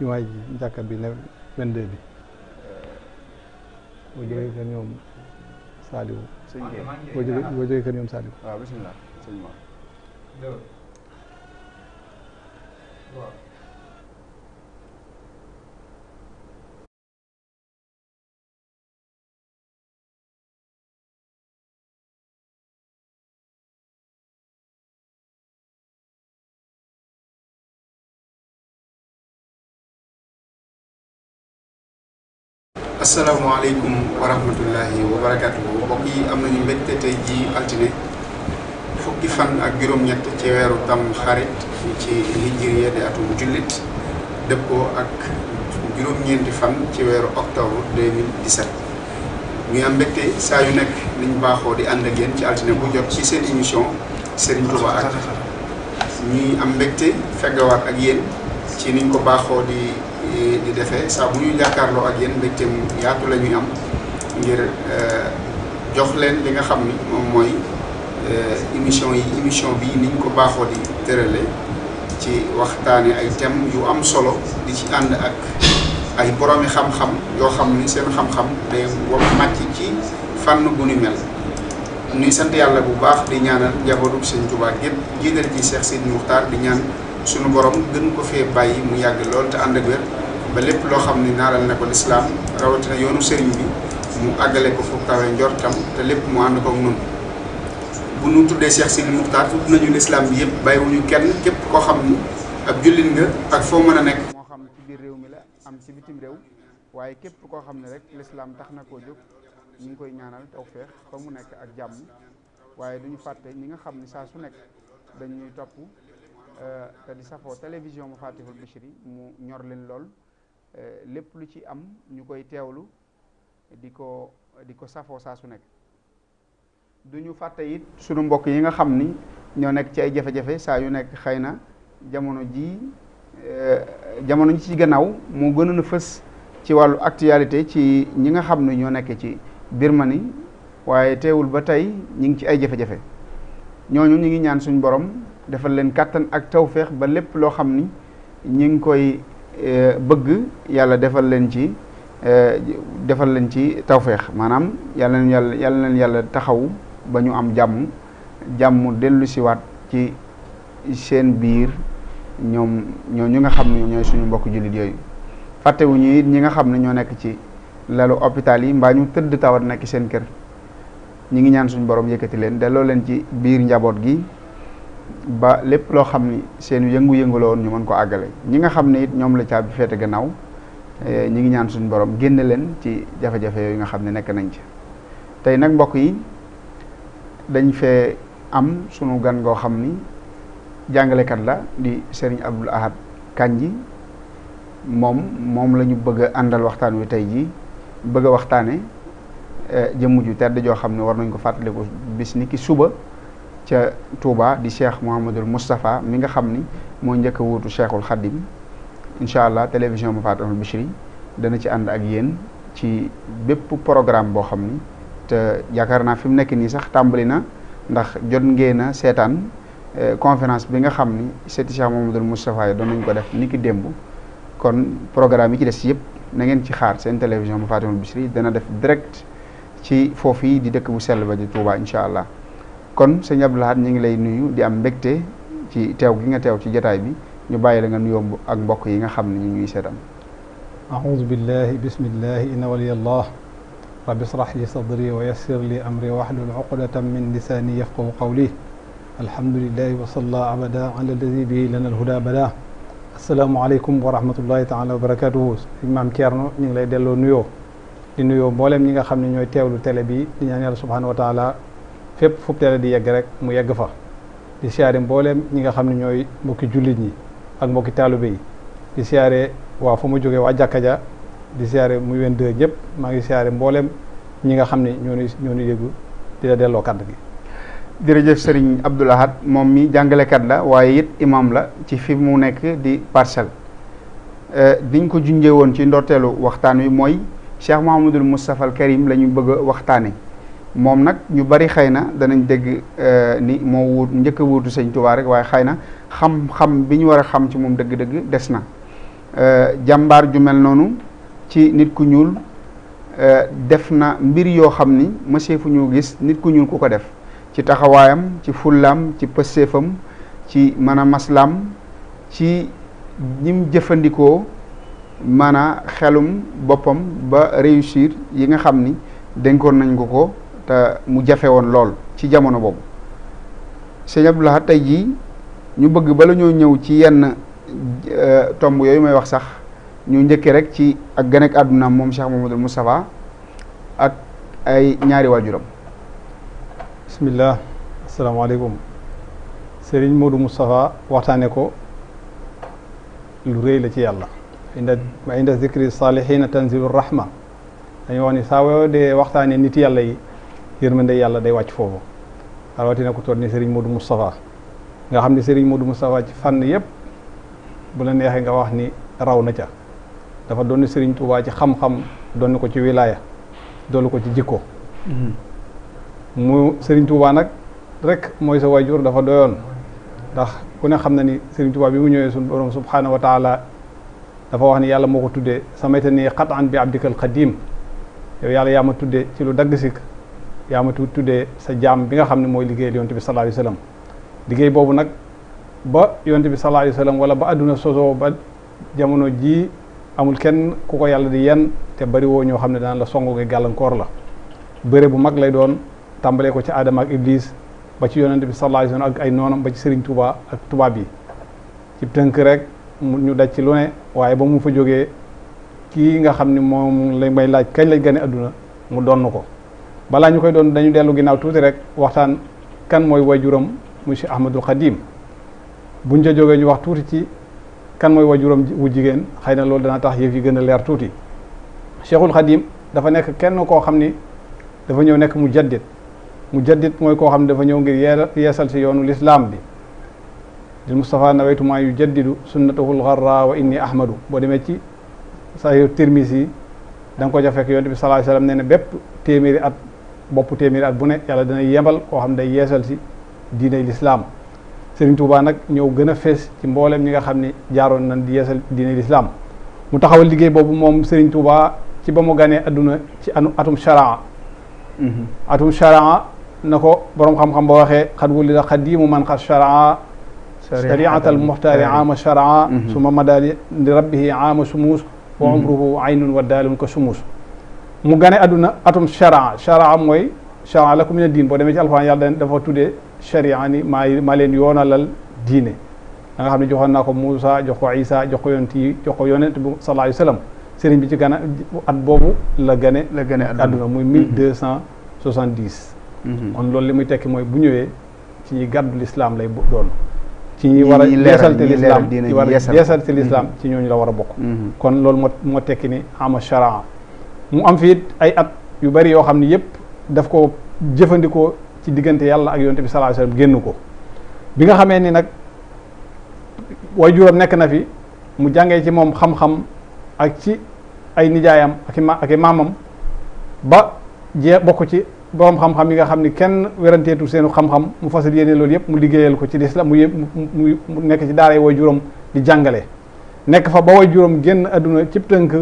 jumaa ji jàkka bi ne 22 bi boo jógee kër ñoom Saliou boo jógee kër ñoom Saliou asalaamaaleykum wa rahmatullahi wa barakaatu mbokk yi am nañu mbégte tey ji altine fukki fan ak juróom-ñett ci weeru tam xarit ci hijriya di atum jullit dëppoo ak juróom-ñeenti fan ci weeru octobre 2017 ñu am mbégte saa yu nekk niñ baaxoo di ànd ak yéen ci altine bu jot ci seen émission Serigne Touba ak ñuy am mbégte feggawaat ak yéen ci niñ ko baaxoo di di defee saa bu ñu jàkkaarloo ak yéen mbégteem yaatu la ñuy am ngir euh, jox leen li nga xam ni moom mooy euh, émission yi émission bii niñ ko baaxoo di tërale ci waxtaane ay thèmes yu am solo di ci ànd ak ay boroomi xam-xam yoo xam ni seen xam-xam day wa màcc ci fànn bu ñu mel ñuy sant yàlla bu baax di ñaanal njabootu Sëñ Tuubaa gépp jiital ci Seex seen Muxtaar di ñaan suñu borom gën ko fee bàyyi mu yàgg lool te ànd ak wér ba lépp loo xam ne naaral na ko lislaam rawatina yoonu sëriñ bi mu àggale ko fu kawe njortam te lépp mu ànd ko ak noonu bu nu tuddee Cheikh Sidi Moukhtar tudd nañu lislaam bi yëpp bàyyiwuñu kenn képp koo xam ni ab jullit nga ak foo mën a nekk. moo xam ne ci biir réew mi la am ci bitim réew waaye képp koo xam ne rek lislaam tax na koo jóg ñu ngi koy ñaanal tawféex fa mu nekk ak jàmm waaye duñu fàtte ñi nga xam ne saa su nekk dañuy topp. Euh, te di safoo télévision Mafatihul mu ñor leen lool euh, lépp lu ci am ñu koy teewlu di ko di ko safoo saa su nekk du ñu fàtte it sunu mbokk yi nga xam ni ñoo nekk ci ay jafe-jafe saa yu nekk xëy na jamono ji euh, jamono ji ci gannaaw moo gën a fës ci wàllu actualité ci ñi nga xam ne ñoo nekk ci Birmanie waaye teewul ba tey ñi ngi ci ay jafe-jafe ñooñu ñu ngi ñaan suñu borom defal leen kàttan ak tawfeex ba lépp loo xam ni ñi ngi koy e, bëgg yàlla defal leen ci e, defal leen ci tawfeex maanaam yàlla nañu yàlla yàlla nañu yàlla taxaw ba ñu am jàmm jàmm dellu siwaat ci seen biir ñoom ñoom ñu nga xam ne ñooy suñu mbokk jullit yooyu fàttewuñu it ñi nga xam ne ñoo nekk ci lalu hôpital yi mbaa ñu tëdd tawat nekk seen kër ñi ngi ñaan suñu borom yëkkati leen delloo leen ci biir njaboot gi ba lépp loo xam ni seen yëngu-yëngu la woon ñu mën ko àggale ñi nga xam ne it ñoom la caabi féete gannaaw eh, ñi ngi ñaan suñu borom génn leen ci jafe-jafe yooyu nga xam ne nekk nañ ci tey nag mbokk yi dañ fee am sunu gan goo xam ni jàngalekat la di Serigne Abdoul Ahad Kandji moom moom la ñu bëgg a àndal waxtaan wi tey jii bëgg a waxtaane eh, jëmm ju tedd joo xam ne war nañ ko fàttaliku bis ni ki suba ca Touba di cheikh Mouhamadul Moustapha mi nga xam ni moo njëkk a wuutu cheikhul Khadim incha allah télévision Mafatihul Bichri dana ci ànd ak yéen ci bépp programme boo xam ni te yaakaar naa fi mu nekk nii sax tàmbali na ndax jot ngeen a seetaan eh, conférence bi nga xam ni seeti cheikh Mouhamadul Moustapha yi doon nañ ko def ni ki démb kon programme yi ci des yëpp na ngeen ci xaar seen télévision Mafatihul Bichri dana def direct ci foofu yi di dëkk bu sell ba di Touba incha allah. kon sëñ Abdou Lahad ñu ngi lay nuyu di am mbégte ci teew gi nga teew ci jataay bi ñu bàyyi la nga nuyoo ak mbokk yi nga xam ne ñu ñuy seetaan ahoudu billahi bismillahi inna waliyallah rabbi israh li sadri wa yassir li amri wahlul uqdatan min lisani yafqahu qawli alhamdulilahi wasalla abada ala alladi bi lana alhuda bada asalaamaaleykum wa rahmatullahi taala wa barakatuhu maam Thierno ñu ngi lay delloo nuyoo di nuyoo mboolem ñi nga xam ne ñooy teewlu télé bi di ñaan yàlla wa taala fépp fu tele di yegg rek mu yegg fa di siyaare mbooleem ñi nga xam ne ñooy mbokki jullit ñi ak mbokki taalibe yi di siyaare waa fu mu jógee waa jàkka ja di siyaare muy wen dë ñëpp maa ngi siyaare mbooleem ñi nga xam ne ñoo ñoonu yëgu di delloo kàddu gi jërëjëf sëriñ Abdoul Ahad moom mi jàngalekat la waaye it imam la ci fi mu nekk di parcelle diñ euh, ko junjee woon ci ndorteelu waxtaan wi mooy Cheikh Mouhamadul Moustapha Karim la ñu bëgg a waxtaane moom nag ñu bari xëy na danañ dégg euh, ni moo wuut njëkk a wuutu sëñ Tuubaa rek waaye xëy na xam-xam bi ñu war a xam ci moom dëgg-dëgg des na euh, jàmbaar ju mel noonu ci nit ku ñuul euh, def na mbir yoo xam ni mësee fu ñu gis nit ku ñuul ku ko def ci taxawaayam ci fullaam ci pësseefam ci mën a maslaam ci ñim jëfandikoo mën xelum boppam ba réussir yi nga xam ni dénkoon nañ ko ko te mu jafe woon lool ci jamono boobu sëñ Abdou Lahad tey jii ñu bëgg bala ñoo ñëw ci yenn euh, tomb yooyu may wax sax ñu njëkke rek ci ak gën ak àddunaam moom Cheikh Mamadou Moustapha ak ay ñaari waajuram bismillah asalaamaaleykum sëriñ mu Moustapha waxtaane ko lu rëy la ci yàlla inda inda zikri saalihiina tanzilu rahma dañu wax ni saa woo dee waxtaane nit yàlla yi yërmande yàlla day wàcc foofu rawatina ku toll ni Serigne Modou Moustapha nga xam ne Serigne Modou Moustapha ci fànn yëpp bu la neexee nga wax ni raw na ca dafa doon sëriñ Touba ci xam-xam doon ko ci wilaaya doon ko ci jikko. Mm-hmm. mu Serigne Touba nag rek mooy sa waajur dafa doyoon ndax ku ne xam na ni Serigne Touba bi mu ñëwee suñu borom subhaanahu wa dafa wax ni yàlla moo ko tuddee samayta nii xataan bi abdikal xadim yow yàlla yaa ma tuddee ci lu dagg sikk yaa ma tuddee sa jaam bi nga xam ne mooy liggéeyal yonte bi sallallahu alayhi wa liggéey boobu nag ba yonte bi sallallahu alayhi wa wala ba àdduna sosoo ba jamono jii amul kenn ku ko yàlla di yenn te bari woo ñoo xam ne daan la songu gi gàllankoor la bëre bu mag lay doon tàmbalee ko ci aadama ak iblis ba ci yonente bi sallallahu alayhi wa ay noonam ba ci sëriñ Touba ak tubaab yi ci tënk rek ñu daj ci lu ne waaye ba mu fa jógee kii nga xam ne moom lañ may laaj kañ lañ gane àdduna mu donn ko balaa ñu koy doon dañu dellu ginnaaw tuuti rek waxtaan kan mooy wajuram monsieur Ahmadul Xadim buñ ca jógee ñu wax tuuti ci kan mooy wajuram wu jigéen xëy na loolu dana tax yëf yi gën a leer tuuti Cheikhul Xadim dafa nekk kenn koo xam ni dafa ñëw nekk mu jaddit mu jaddit mooy koo xam ne dafa ñëw ngir yeesal si yoonu lislaam bi lil Mustafa nawaytu maa yu jaddidu sunnatahul xarra wa inni ahmadu boo demee ci saxiix Tirmisi yi da nga ko ca fekk yonent bi sallallahu alayhi nee na bépp téeméeri at bopp téeméeri at bu ne yàlla dana yebal koo xam day yeesal si diiney lislaam sëriñ Touba nag ñëw gën a fees ci mboolem ñi nga xam ne jaaroon nañ di yeesal diiney lislaam mu taxawal liggéey boobu moom sëriñ Touba ci ba mu ganee adduna ci anu atum charaa mm-hmm. atum charaa na ko boroom xam-xam ba waxee xat wuli la xadiimu man xat charaa shariatal muxtaari ama charaa mm-hmm. suma madaali li rabbihi ama sumuus wa mm-hmm. umruhu aynun wa daalun ko sumuus mu gane àdduna atum charaa charaa mooy charaa la ku mu ne diin boo demee ci alxuraan yàlla dafa tuddee charia ni maa maa leen yoonalal diine da nga xam ne joxoon naa ko Moussa jox ko Isa jox ko yonent yi jox ko yonent bu sallallahu alayhi wa sallam bi ci gane at boobu la gane la gane àdduna muy mm-hmm. mille deux cent soixante dix mm-hmm. kon loolu li muy tekki mooy bu ñëwee ci ñi gaddu lislaam lay doon ci ñi war a yeesalte lislaam ci war a yeesalte lislaam mm-hmm. ci ñooñu la war a bokk kon loolu mo moo tekki ni ama mu am fi ay at yu bari yoo xam ne yëpp daf ko jëfandikoo ci diggante yàlla ak yonent bi sallallahu alayhi wasallam génn ko bi nga xamee ni nag waajuram nekk na fi mu jàngee ci moom xam-xam ak ci ay nijaayam ak i ma ak i maamam ba jee bokk ci borom xam-xam yi nga xam ni kenn weranteetu seenu xam-xam mu fasal yéene loolu yëpp mu liggéeyal ko ci lislaam mu yëpp mu nekk ci daara yi juróom di jàngale nekk fa ba juróom génn àdduna ci tënk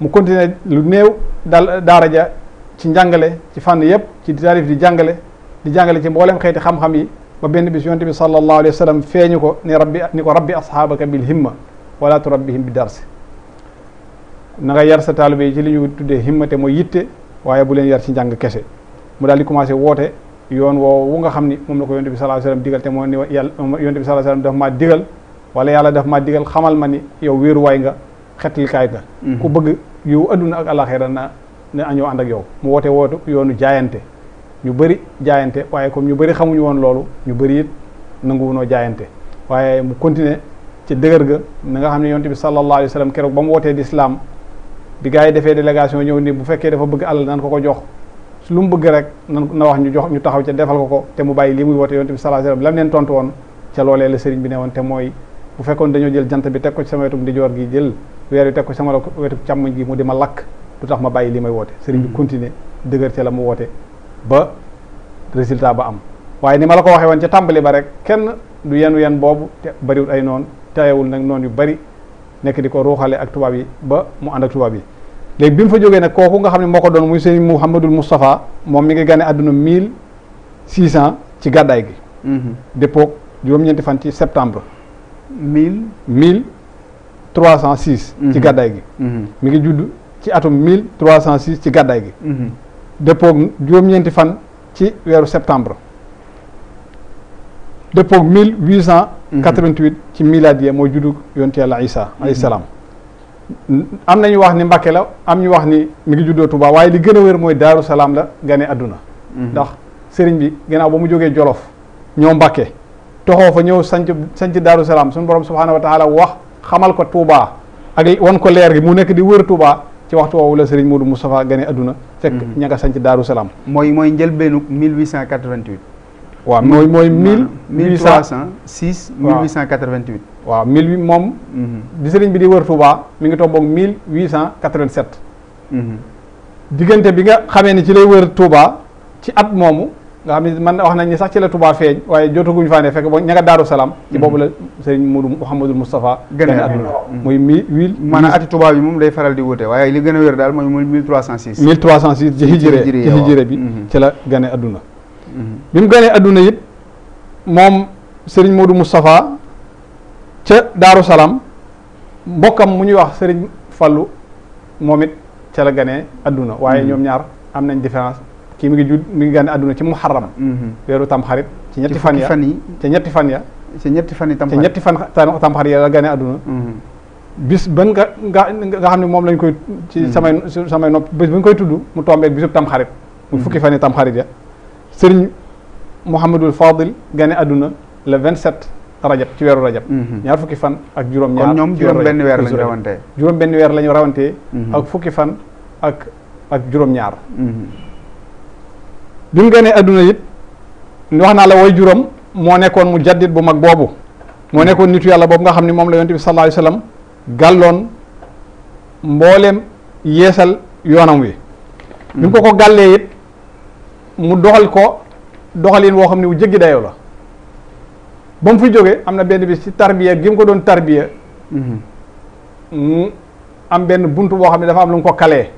mu continuer lu néew daal daara ja ci njàngale ci fànn yëpp ci tarif di jàngale di jàngale ci mboolem xeeti xam-xam yi ba benn bis yonent bi sallallahu alayhi wa sallam feeñu ko ni rabbi ni ko rabbi asxaabaka bil himma walaa turabbihim bi darsi na nga yar sa taalibe yi ci li ñu tuddee himmate mooy yitte waaye bu leen yar ci njàng kese mu daal di commencé woote yoon woo woowu nga xam ni moom la ko yonent bi sallallahu alayhi wa sallam digal te moo ni yàlla digal wala yàlla daf maa digal xamal ma ni yow wéeruwaay nga xetlikaay ga ku bëgg yu adduna ak alaxira na ne añoo ànd ak yow mu woote wootu yoonu jaayante ñu bëri jaayante waaye comme ñu bëri xamuñu woon loolu ñu bëri it noo jaayante waaye mu continuer ci dëgër ga na nga xam ne yonent bi sallallahu alayhi wa sallam keroog ba mu wootee di islam bi gars yi defee délégation ñëw nii bu fekkee dafa bëgg alal nan ko ko jox lu mu bëgg rek nan na wax ñu jox ñu taxaw ca defal ko ko te mu bàyyi lii muy woote yonent bi sallallahu alayhi wa sallam lam leen tontu woon ca mooy bu fekkoon dañoo jël jant bi teg ko ci sama wetu gi jël weer yu teg ko sama ko wetu càmmoñ gi mu di ma lakk du tax ma bàyyi li may woote sëriñ bu hmm. continuer dëgër ca la mu woote ba résultat ba am waaye ni ma la ko waxee woon ca tàmbali ba rek kenn du yenu yen boobu te bariwul ay noon tayewul nag noon yu bari nekk di ko ruuxale ak tubaab yi ba mu ànd ak tubaab yi léegi bi mu fa jógee nag kooku nga xam ne moo ko doon muy sëriñ Mouhamadul Moustapha moom mi ngi gane àdduna mille six cent ci gàddaay gi hmm. dépôt juróom-ñeenti septembre mille mille trois cent six ci mhm. gàddaay gi mhm. mi ngi judd ci atum mille trois cent six ci gàddaay gi mhm. dëppoog juróom-ñeenti fan ci weeru septembre dëppook mille huit cent quatre-vingt-huit ci miladiye mooy juddug yonent yàlla Isa alayhi salaam am nañu wax ni Mbàkke la am ñu wax ni mi ngi juddoo Tuubaa waaye li gën a wér mooy Daaru Salaam la gane àdduna ndax sëriñ bi gannaaw ba mu jógee Jolof ñoo Mbàkke toxoo fa ñëw sanc sanc Daaru Salaam suñu borom subhaanahu wa taala wax xamal ko Touba ak wan ko leer gi mu nekk di wër Touba ci waxtu woowu la mu Modou Moustapha gane adduna. fekk mm-hmm. ña nga sanc Daaru Salaam. mooy mooy njëlbéenu 1888. waaw mooy mooy mille. mille trois cent six mille huit cent quatre vingt huit. moom. Mm-hmm. bi sëriñ bi di wër Touba mi ngi tomboog mille huit cent quatre vingt sept. Mm-hmm. diggante bi nga xamee ni ci lay wër Touba ci at moomu nga xam ne man wax nañ ni sax ci la Touba feeñ waaye jotaguñu faa ne fekk ba ña nga Daaru Salaam ci mm-hmm. boobu la sëriñ Moudou Mouhamadou Moustapha gën a mooy mm-hmm. mi mille huit a ati Touba bi moom day faral di wute waaye li gën a wér daal mooy mooy mille trois cent six mille mm-hmm. a adduna bi mu gënee adduna it moom sëriñ Moudou Moustapha ca Daaru Salaam mbokkam mu ñuy wax sëriñ fallu moomit it ca la gënee adduna waaye ñoom ñaar am nañ différence kii mi ngi jud mi ngi gane àdduna ci muharram mhm. weeru tamxarit ci ñetti fan ya fan yi ci ñetti fan ya ñetti fan yi ci ñetti fan tamxarit ya la gane àdduna mhm. bis ban nga nga nga xam ne moom lañ koy ci mhm. samay samay nopp bis ba ñu koy tudd mu tombeeg bisub tamxarit mu fukki fan yi tamxarit ya sëriñ Mouhamadul Fadil gane àdduna le vingt sept rajab ci weeru rajab ñaar fukki fan ak juróom ñaar ñoom juróom benn weer lañu rawantee juróom benn weer la ñu rawantee ak fukki fan ak ak juróom ñaar bi mu gënee adduna it wax naa la way juróom moo nekkoon mu jaddit bu mag boobu moo nekkoon nitu yàlla boobu nga xam ne moom la yonent bi sallallahu alayhi wasallam gàlloon mbooleem yeesal yoonam wi bi mu ko ko gàllee it mu doxal ko doxalin woo xam ne wu jéggi dayoo la ba mu fi jógee am na benn bis ci tarbiya gi mu ko doon tarbiya mm-hmm. mu am benn bunt boo xam ne dafa am lu mu ko kalee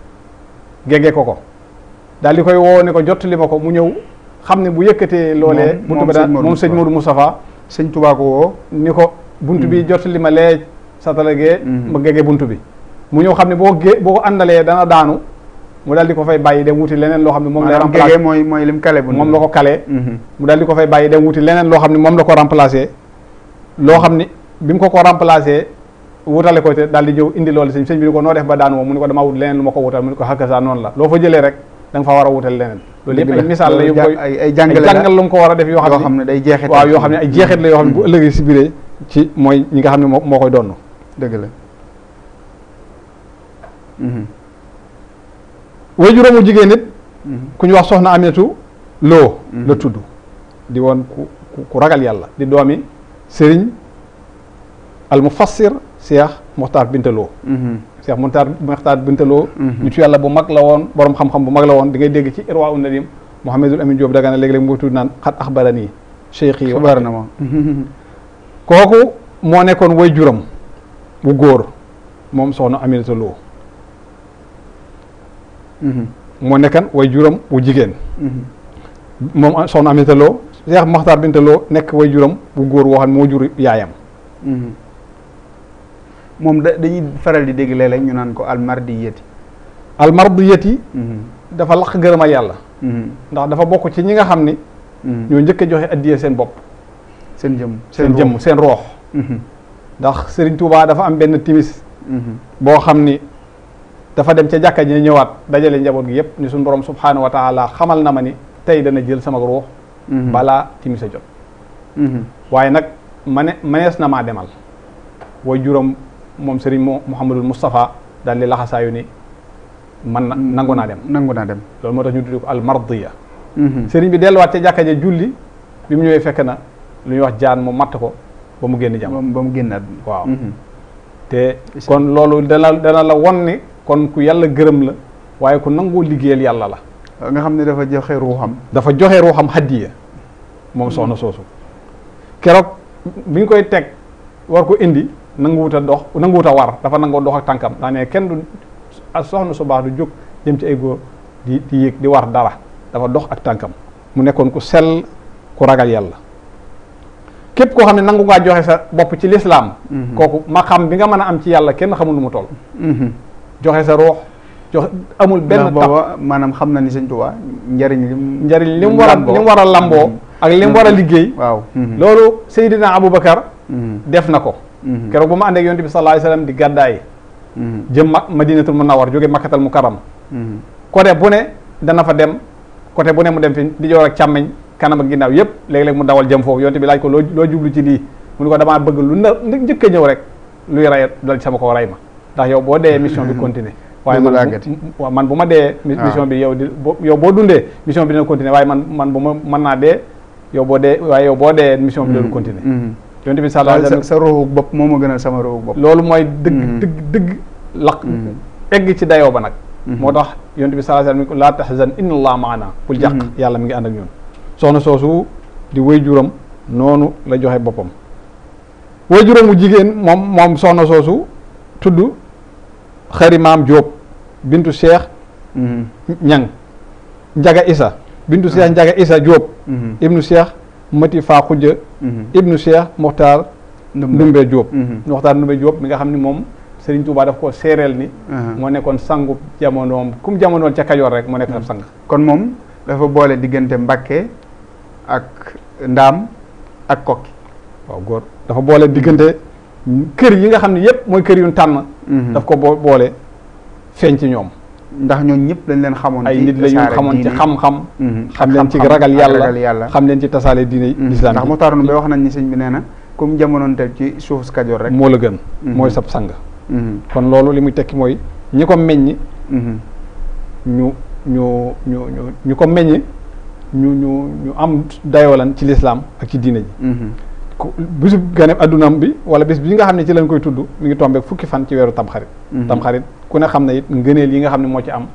gégee ko ko daal di koy woo ne ko jot li ma ko mu ñëw xam ne bu yëkkatee loolee buntu bi daal moom sëñ Modou Moustapha sëñ Touba ko woo ni ko buntu bi mm-hmm. li ma lee satalagee mm-hmm. ma gege buntu bi mu ñëw xam ne boo gé boo ko àndalee dana daanu mu daal di ko fay bàyyi dem wuti leneen loo xam ne moom la remplacé mooy mooy lim kale bu ko kale mm-hmm. di ko fay bàyyi wuti leneen loo xam ne moom la ko remplacé loo xam bi mu ko ko remplacé wutale ko te di jëw indi loolu sëñ sëñ bi ni ko noo def ba daanu moom mu ne ko damaa wut leneen lu ma ko wutal mu ne ko xakka saa noonu la loo fa jëlee rek da nga fa war a wutal leneen loolu yëpp misaal la yu koy ay jàngal lu mu ko war a def yoo xam ne day jeexit waaw yoo xam ay jeexit la yoo xam ne bu mm-hmm. ëllëgee si biiree ci mooy ñi nga xam ne moo moo koy donn dëgg la mm-hmm. way juróomu jigéen nit mm-hmm. ku ñu wax soxna Aminatu Lo la tudd di woon ku ku ragal yàlla di doomi sëriñ al mufassir Cheikh Mokhtar Binta Lo Cheikh Muxtaar Muxtaar Bintaloo mhm. nitu yàlla bu mag la woon borom xam-xam bu mag la woon di ngay dégg ci Irwa Unadim Mouhamadul Amin Diop Dagana léeg-léeg mu tudd naan xat axbaran yi cheikh yi xabaar na ma kooku moo nekkoon way juram wu góor moom soxna Aminata Lo mhm. moo nekkan way juram bu jigéen moom soxna Aminata Lo nekk way juram bu góor woo xam moo jur yaayam mhm. moom dañuy feral di dégg léeg-léeg ñu naan ko almardiyati almardiyati mhm. dafa laq gërëmal yàlla mhm. ndax dafa bokk ci ñi nga xam ni mhm. ñoo njëkk a joxe addiya seen bopp seen jëmm seen jëmm seen roox ndax sëriñ Touba dafa am benn timis boo xam ni dafa dem ca jàkka ji ñëwaat dajale njaboot gi yëpp ni suñu borom subhaanahu wa taala xamal na ma ni tey dana jël sama ruux balaa timis a jot waaye nag mane manees na maa demal way juróom moom Serigne Mouhamadul Moustapha daal di laxasaayu ni man na mm-hmm. nangu naa dem. nangu naa dem loolu moo tax ñu tuddee ko almardiya. Mm-hmm. Serigne bi delluwaat ca jàkka ja julli bi mu ñëwee fekk na lu ñuy wax jaan mu matt ko ba mu génn jàmm. ba mu génn àdduna waaw. Mm-hmm. te kon loolu dana dana la won ni kon ku yàlla gërëm la waaye ku nangoo liggéeyal yàlla la. nga xam ne dafa joxe ruuxam. dafa joxe ruuxam hadiya moom soxna soosu. keroog bi ñu koy teg war ko indi nanguwut a dox nanguwut a war dafa nangoo dox ak tànkam daa ne kenn du soxna su baax du jóg jëm ci ay góor di di yéeg war dara dafa dox ak tànkam mu nekkoon ku sel ku ragal yàlla képp koo xam ne nangu ngaa joxe sa bopp ci lislaam mhm. kooku ma xam bi nga mën a am ci yàlla kenn xamul nu mu toll mhm. joxe sa roox jox amul benn booba maanaam xam na ni sëñ Tuubaa njariñ lim njariñ lim war a lim war a lamboo ak lim war a mhm. liggéey waaw loolu Seydina Aboubacar def na ko Mhm. keroog bu ma ànd ak yonent bi sallallahu alayhi wasallam di gàddaay mhm. jëm mag madinatul munawwar jóge makkatal mukarram mhm. côté bu ne dana fa dem côté bu ne mu dem fi di joor ak càmmeñ kanam ak ginnaaw yëpp léeg-léeg mu dawal jëm foofu yonent bi laaj ko loo loo jublu ci lii mu ne ko damaa bëgg lu na njëkka a ñëw rek luy ray dal sama ko ray ma ndax yow boo dee mission bi continuer waaye man waaw man bu ma dee ah. mission bi yow di yow boo dundee mission bi dina continuer waaye man man bu ma mën naa dee yow boo dee waaye yow boo dee mission bi dina continuer yonent bi sallallahu alayhi wasallam sa ruuxu bopp moo ma gënal sama ruuxu bopp loolu mooy dëgg mm-hmm. dëgg dëgg mm-hmm. egg ci dayoo ba nag mm-hmm. moo tax yonent bi sallallahu alayhi wasallam laa tahzan inna allaha maana bul jàq yàlla mi ngi ànd ak ñun soxna soosu di way juram noonu la joxe boppam way juram wu jigéen moom moom soxna soosu tudd xari maam Jóob bintu Cheikh ñang njaga isa bintu Cheikh njaga isa Jóob ibnu Cheikh mati faa xujja mhm. ibnu cheikh moxtaar ndumbe jóob moxtaar ndumbe jóob mhm. mi nga xam ni moom Sëriñ Tuubaa daf koo séeréel ni uh-huh. moo nekkoon sangu jamonoom kum jamonoon ca Kajoor rek moo nekk ab uh-huh. sang kon moom dafa boole diggante Mbàkke ak Ndaam ak Kokki waaw góor dafa boole diggante kër yi nga xam ne yëpp mooy kër yu tànn mhm. daf ko boole feeñ ci ñoom ndax ñooñu ñëpp dañ leen xamoon ay nit la ñu ci xam-xam mhm. xam leen ci ragal yàlla xam leen ci tasaale diine lislaam mhm. ndax mu taaroon ba wax nañ ni sëñ bi nee na comme jamonoon te ci suuf si Kajoor rek moo la gën mhm. mooy sab sang kon loolu li mu tekki mooy ñi ko meññ ñu ñu ñu ñu ñu ko ñu ñu ñu am dayolan ci lislaam ak ci diine ji bisu ganeb addunaam bi wala bis bi nga xam ne ci lañ koy tudd mi ngi tombeek fukki fan ci weeru tamxarit tamxarit ku ne xam ne it ngëneel yi nga xam ne moo ci am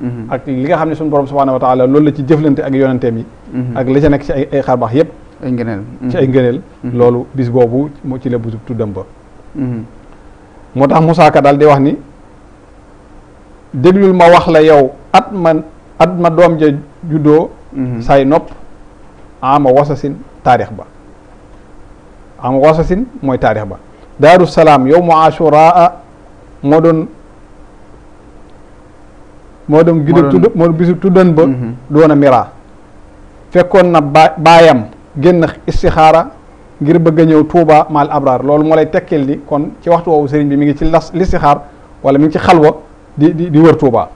mhm. ak li nga xam ne suñu borom subhanahu wa taala loolu la ci jëflante ak yonenteem yi mhm. ak la ca nekk ci ay ay xarbaax yëpp ay ngëneel mhm. ay ngëneel loolu bis boobu moo ci la busub tuddam ba moo tax Moussa Ka daal di wax ni déglul ma wax la yow at ma at ma doom ja juddoo say nopp ama wasasin taarix ba ama wasasin mooy taarix ba daaru salaam mu ashuraa moo doon moo dem guddi tudd moo doon bisu tuddan ba mhm. doon a fekkoon na ba baayam génn istixaara ngir bëgg a ñëw Touba maal abraar loolu moo lay tekkil ni kon ci waxtu woowu sëriñ bi mi ngi ci las listixaar wala mi ngi ci xalwa di di di wër Touba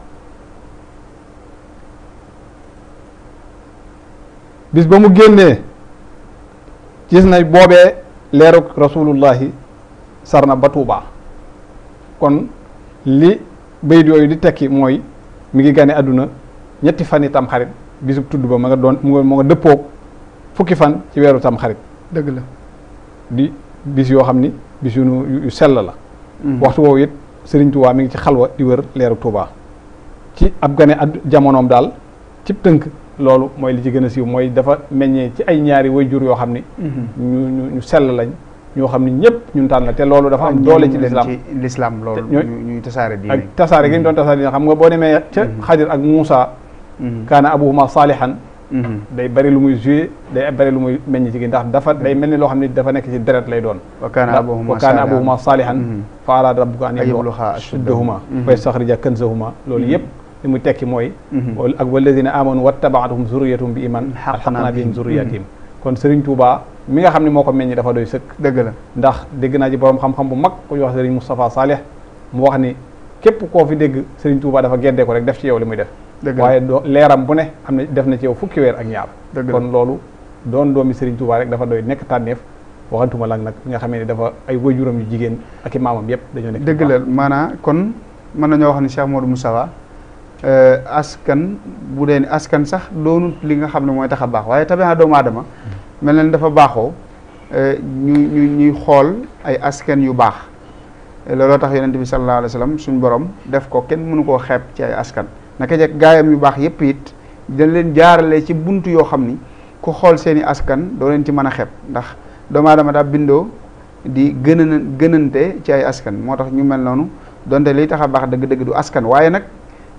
bis ba mu génnee gis na boobee leeruk rasulullahi sar na ba Touba kon li bayit yooyu di tekki mooy mi ngi gane àdduna ñetti fan yi tamxarit bisub tudd ba ma nga doon mu nga dëppoog fukki fan ci weeru tamxarit dëgg la di bis yoo xam ni bis yu yu sell la mm. waxtu woowu it Sëriñ Tuubaa mi ngi ci xalwa di wër leeru Tuubaa ci ab gane ad jamonoom daal ci tënk loolu mooy li ci gën a siiw mooy dafa meññee ci ay ñaari way jur yoo xam ni mm-hmm. ñu ñu sell lañ ñoo xam ne ñëpp ñun tànn la te loolu dafa am doole ci lislaam ci lislaam loolu ñuy tasaare diine ak tasaare gi ñu doon tasaare diine xam nga boo demee ca mm-hmm. xadir ak Muusa mm-hmm. kaana abuhuma saalihan mm-hmm. day bari lu muy joué day bari lu muy meññ ci gi ndax dafa day mel ni loo xam ne dafa nekk ci deret lay doon wa kaana abuhuma saalihan fa araada rabbuka an yabluga ashuddahuma fa yastaxrija kanzahuma loolu yëpp li mu tekki mooy ak walladina amanu wattabaatuhum zurriyatuhum bi iman alxaqnaa bihim zurriyatihim kon Sëriñ Tuubaa mi nga xam ne moo ko meññi dafa doy sëkk dëgg la ndax dégg naa ci borom xam-xam bu mag ku ñu wax sëriñ Moustapha Saleh mu wax ni képp koo fi dégg sëriñ Touba dafa geddee ko rek def ci yow li muy def waaye leeram bu ne am na def na ci yow fukki weer ak ñaar kon loolu doon doomi sëriñ rek dafa doy nekk tànneef waxantuma la nag nga xamee ne dafa ay waajuram yu jigéen ak i maamam yëpp dañoo nekk dëgg la maanaam kon mën nañoo wax ni Cheikh Modou Moustapha euh, askan bu dee ni askan sax doonut li nga xam ne mooy tax a baax waaye tabe doomu aadama hmm. mel na dafa baaxoo eh, ñu ñu ñuy xool ay askan yu baax eh, looloo tax yonent bi sallallahu alayhi wa suñ borom def ko kenn mënu koo xeeb ci ay askan naka jekk gaayam yu baax yépp it dañ leen jaarale ci bunt yoo xam ni ku xool seeni askan doo leen ci mën a xeeb ndax doomu aadama daa bindoo di gën a gënante ci ay askan moo tax ñu mel noonu donte liy tax a baax dëgg-dëgg du askan waaye nag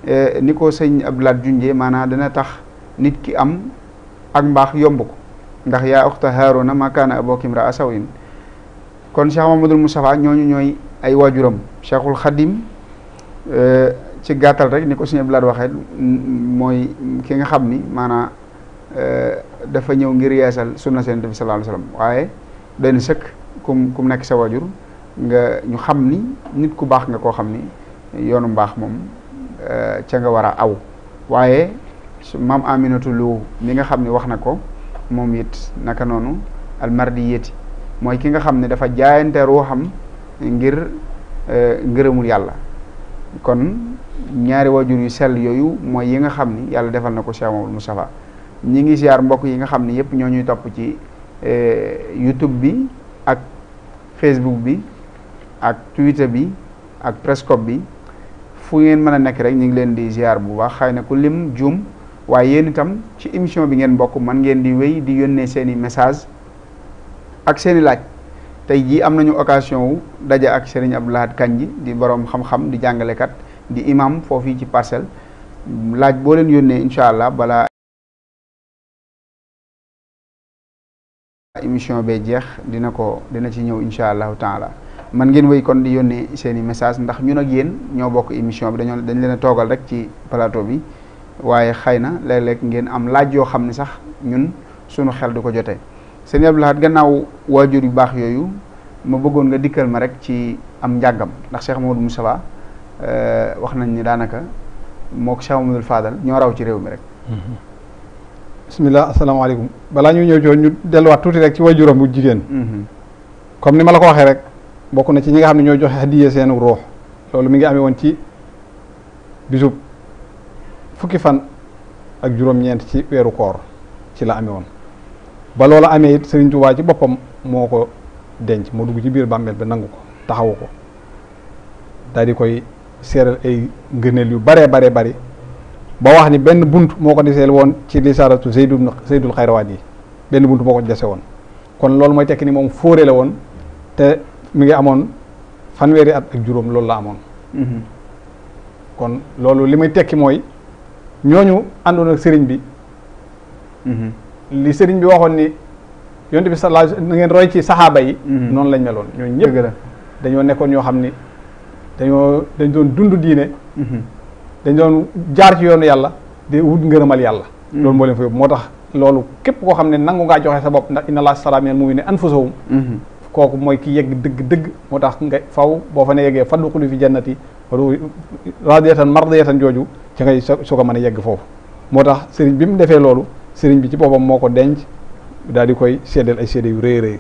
eh, ni ko sëñ Abdoulaye Junjee maanaa dana tax nit ki am ak mbaax yomb ndax yaa uxta haaruna ma kaana abooki imraa sawin kon Cheikh Mamadul Moustapha ñooñu ñooy ay waajuram Cheikhul Xadim eh, ci gàttal rek ni ko suñu blaat waxee mooy ki nga xam ni maanaam eh, dafa ñëw ngir yeesal sunna seen nabi sallallahu alayhi waaye doy na sëkk kum kum nekk sa waajur nga ñu xam ni nit ku baax nga koo xam ni yoonu mbaax moom eh, ca war a aw waaye maam Aminatu Lo mi nga xam ni wax na ko moom it naka noonu almardi yéeti mooy ki nga xam ne dafa jaayante ruuxam ngir eh, ngërëmul yàlla kon ñaari wajur yu sell yooyu mooy yi nga xam ni yàlla defal na ko Cheikh Mamadou Moustapha ñi ngi siyaar mbokk yi nga xam ni yëpp ñoo ñuy topp ci eh, YouTube bi ak Facebook bi ak Twitter bi ak Periscope bi fu ngeen mën a nekk rek ñu ngi leen di ziar bu baax xëy na ku lim juum waaye yéen itam ci émission bi ngeen bokk man ngeen di wéy di yónnee seeni message ak seen laaj tey jii am nañu occasion daje ak Serigne Abdou Lahad Kandji di borom xam-xam di jàngalekat di imam foofu ci parcelle laaj boo leen yónnee incha allah balaa émission bee jeex dina ko dina ci ñëw incha allahu taala man ngeen wéy kon di yónnee seen i message ndax ñun ak yéen ñoo bokk émission bi dañoo dañ leen a toogal rek ci plateau bi waaye xëy na léeg ngeen am laaj yoo xam ni sax ñun sunu xel du ko jotee sëñ Abdou Lahad gannaaw waajur yu baax yooyu ma bëggoon nga dikkal ma rek ci am njàngam ndax Cheikh Mamadou Moustapha euh, wax nañ ni daanaka mook Cheikh Mamadou Fadal ñoo raw ci réew mi rek. Mhm. bisimilah asalaamaaleykum balaa ñuy ñëw coono ñu delluwaat tuuti rek ci waajuram bu jigéen. Mhm. comme ni ma la ko waxee rek bokk na ci ñi nga xam ne ñoo joxe hadiya seenu ruux loolu mi ngi amee woon ci bisub. fukki fan ak juróom-ñeent ci weeru koor ci la amewoon ba loola amee it Sëriñ Tuubaa ci boppam moo ko denc moo dugg ci biir bàmmeel ba nangu ko taxawu ko daal di koy seeral ay ngëneel yu baree baree bari ba wax ni benn bunt moo ko deseel woon ci li lisaaratu Zeydu Zeydul Xayrawaat yi benn bunt moo ko dese woon kon loolu mooy tekki ni moom fóore woon te mi ngi amoon fanweeri at ak juróom loolu la amoon mm-hmm. kon loolu li may tekki mooy ñooñu àndoon ak sëriñ bi mhm. li sëriñ bi waxoon ni yonent bi sallallahu na ngeen roy ci saxaaba yi mhm. noonu lañ meloon ñooñu ñëpp dañoo nekkoon ñoo xam ni dañoo dañ doon dund diine mhm. dañ doon jaar ci yoonu yàlla di wut ngërëmal yàlla loolu moo leen fa yóbbu moo tax loolu képp koo xam ne nangu ngaa joxe sa bopp ndax inna laa shtara minal mu'minina anfusahum kooku mooy ki yegg dëgg dëgg moo tax nga faw boo fa ne yeggee fadduxulu fi jannati loolu raadiyatan mardiyatan jooju ci ngay su ko mën a yegg foofu moo tax sëriñ bi mu defee loolu sëriñ bi ci boppam moo ko denc daal di koy seddeel ay seede yu rëy rëy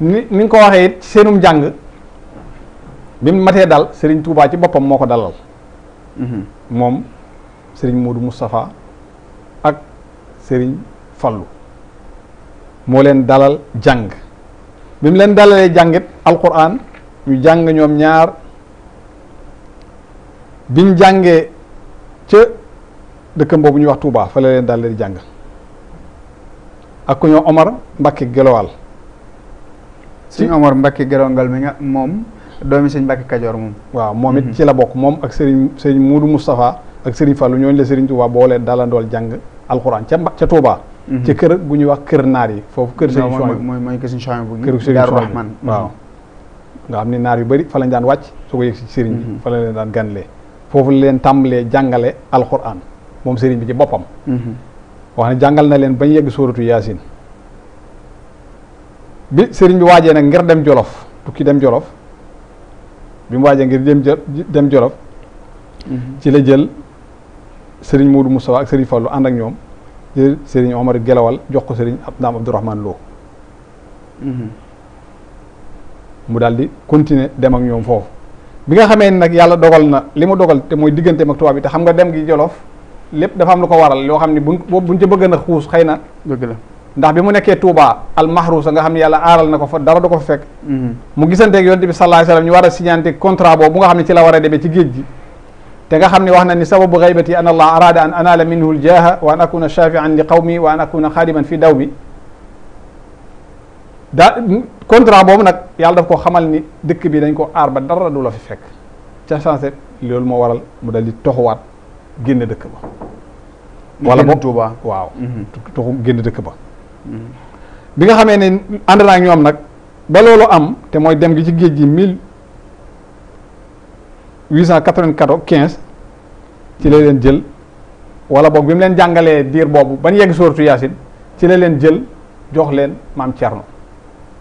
ni ni nga ko waxee it seenum jàng bi mu matee dal sëriñ tuubaa ci boppam moo ko dalal mm-hmm. moom sëriñ Modou Moustapha ak sëriñ Fallou moo leen dalal jàng bi mu leen dalalee jàngit alquran ñu jàng ñoom ñaar biñ jàngee ca dëkkam boobu ñuy wax Touba fa la leen daal leen jàng ak ku ñoo Omar Mbacke Gelowal. suñu Omar Mbacke Gelowal mi nga moom doomi sëñ Mbacke Kajoor moom. waaw moom it mhm. ci la bokk moom ak Serigne Serigne Moudou Moustapha ak Serigne Fallou ñooñu la Serigne Touba boo leen daalandool jàng alxuraan ca Mba ca Touba. Mhm. ci kër bu ñuy wax kër naar yi foofu kër Serigne Chouaïb bi mooy mooy kër Serigne Chouaïb bu kër Serigne Chouaïb waaw mhm. nga xam ni naar yu bari fa lañ daan wàcc su ko yëg si Serigne foofu leen tàmbalee jàngale alxuraan moom sëriñ bi ci boppam mhm. wax ne jàngal na leen bañ yegg sóoratu yaasin bi sëriñ bi waajee nag ngir dem jolof tukki dem jolof bi mu waajee ngir dem dem jolof mhm. ci la jël sëriñ Moodu Moustapha ak sëriñ Fallou ànd ak ñoom jël sëriñ Omar Gelawal jox ko sëriñ Abdaam Abdourahman loo mhm. mu daldi di continuer dem ak ñoom foofu bi nga xamee ni nag yàlla dogal na li mu dogal te mooy digganteem ak tubaab bi te xam nga dem gi jolof lép dafa am lu ko waral xam ne buñ buñ ca bëgg na xuus xëy na dëgg la ndax bi mu nekkee Touba al mahrusa nga xam ne yàlla aaral na ko fa dara du ko fa fekk mm-hmm. mu gisanteeg yonent bi sallallahu alayhi wasallam ñu war a signante contrat boobu bu nga xam ne ci la war a demee ci géej gi te nga xam ne wax na ni sababu gaybati an allah arada an anala minhu al jaaha wa an akuna shafian li qawmi wa an akuna xaadiman fi dawmi daa contrat boobu nag yàlla daf ko xamal ni dëkk bi dañ ko aar ba dara du la fi fekk ca changé loolu moo waral mu dal di toxuwaat génn dëkk ba. wala boog Tuuba waaw. Mhm. toxu génn dëkk ba. Mhm. bi nga xamee ne ànd ñoom nag ba loolu am te mooy dem gi ci géej gi mille huit cent quatre-vingt-quatorze quinze ci la leen jël wala boog bi mu leen jàngalee diir boobu ban yegg sóoratu Yaasin ci la leen jël jox leen maam Thierno.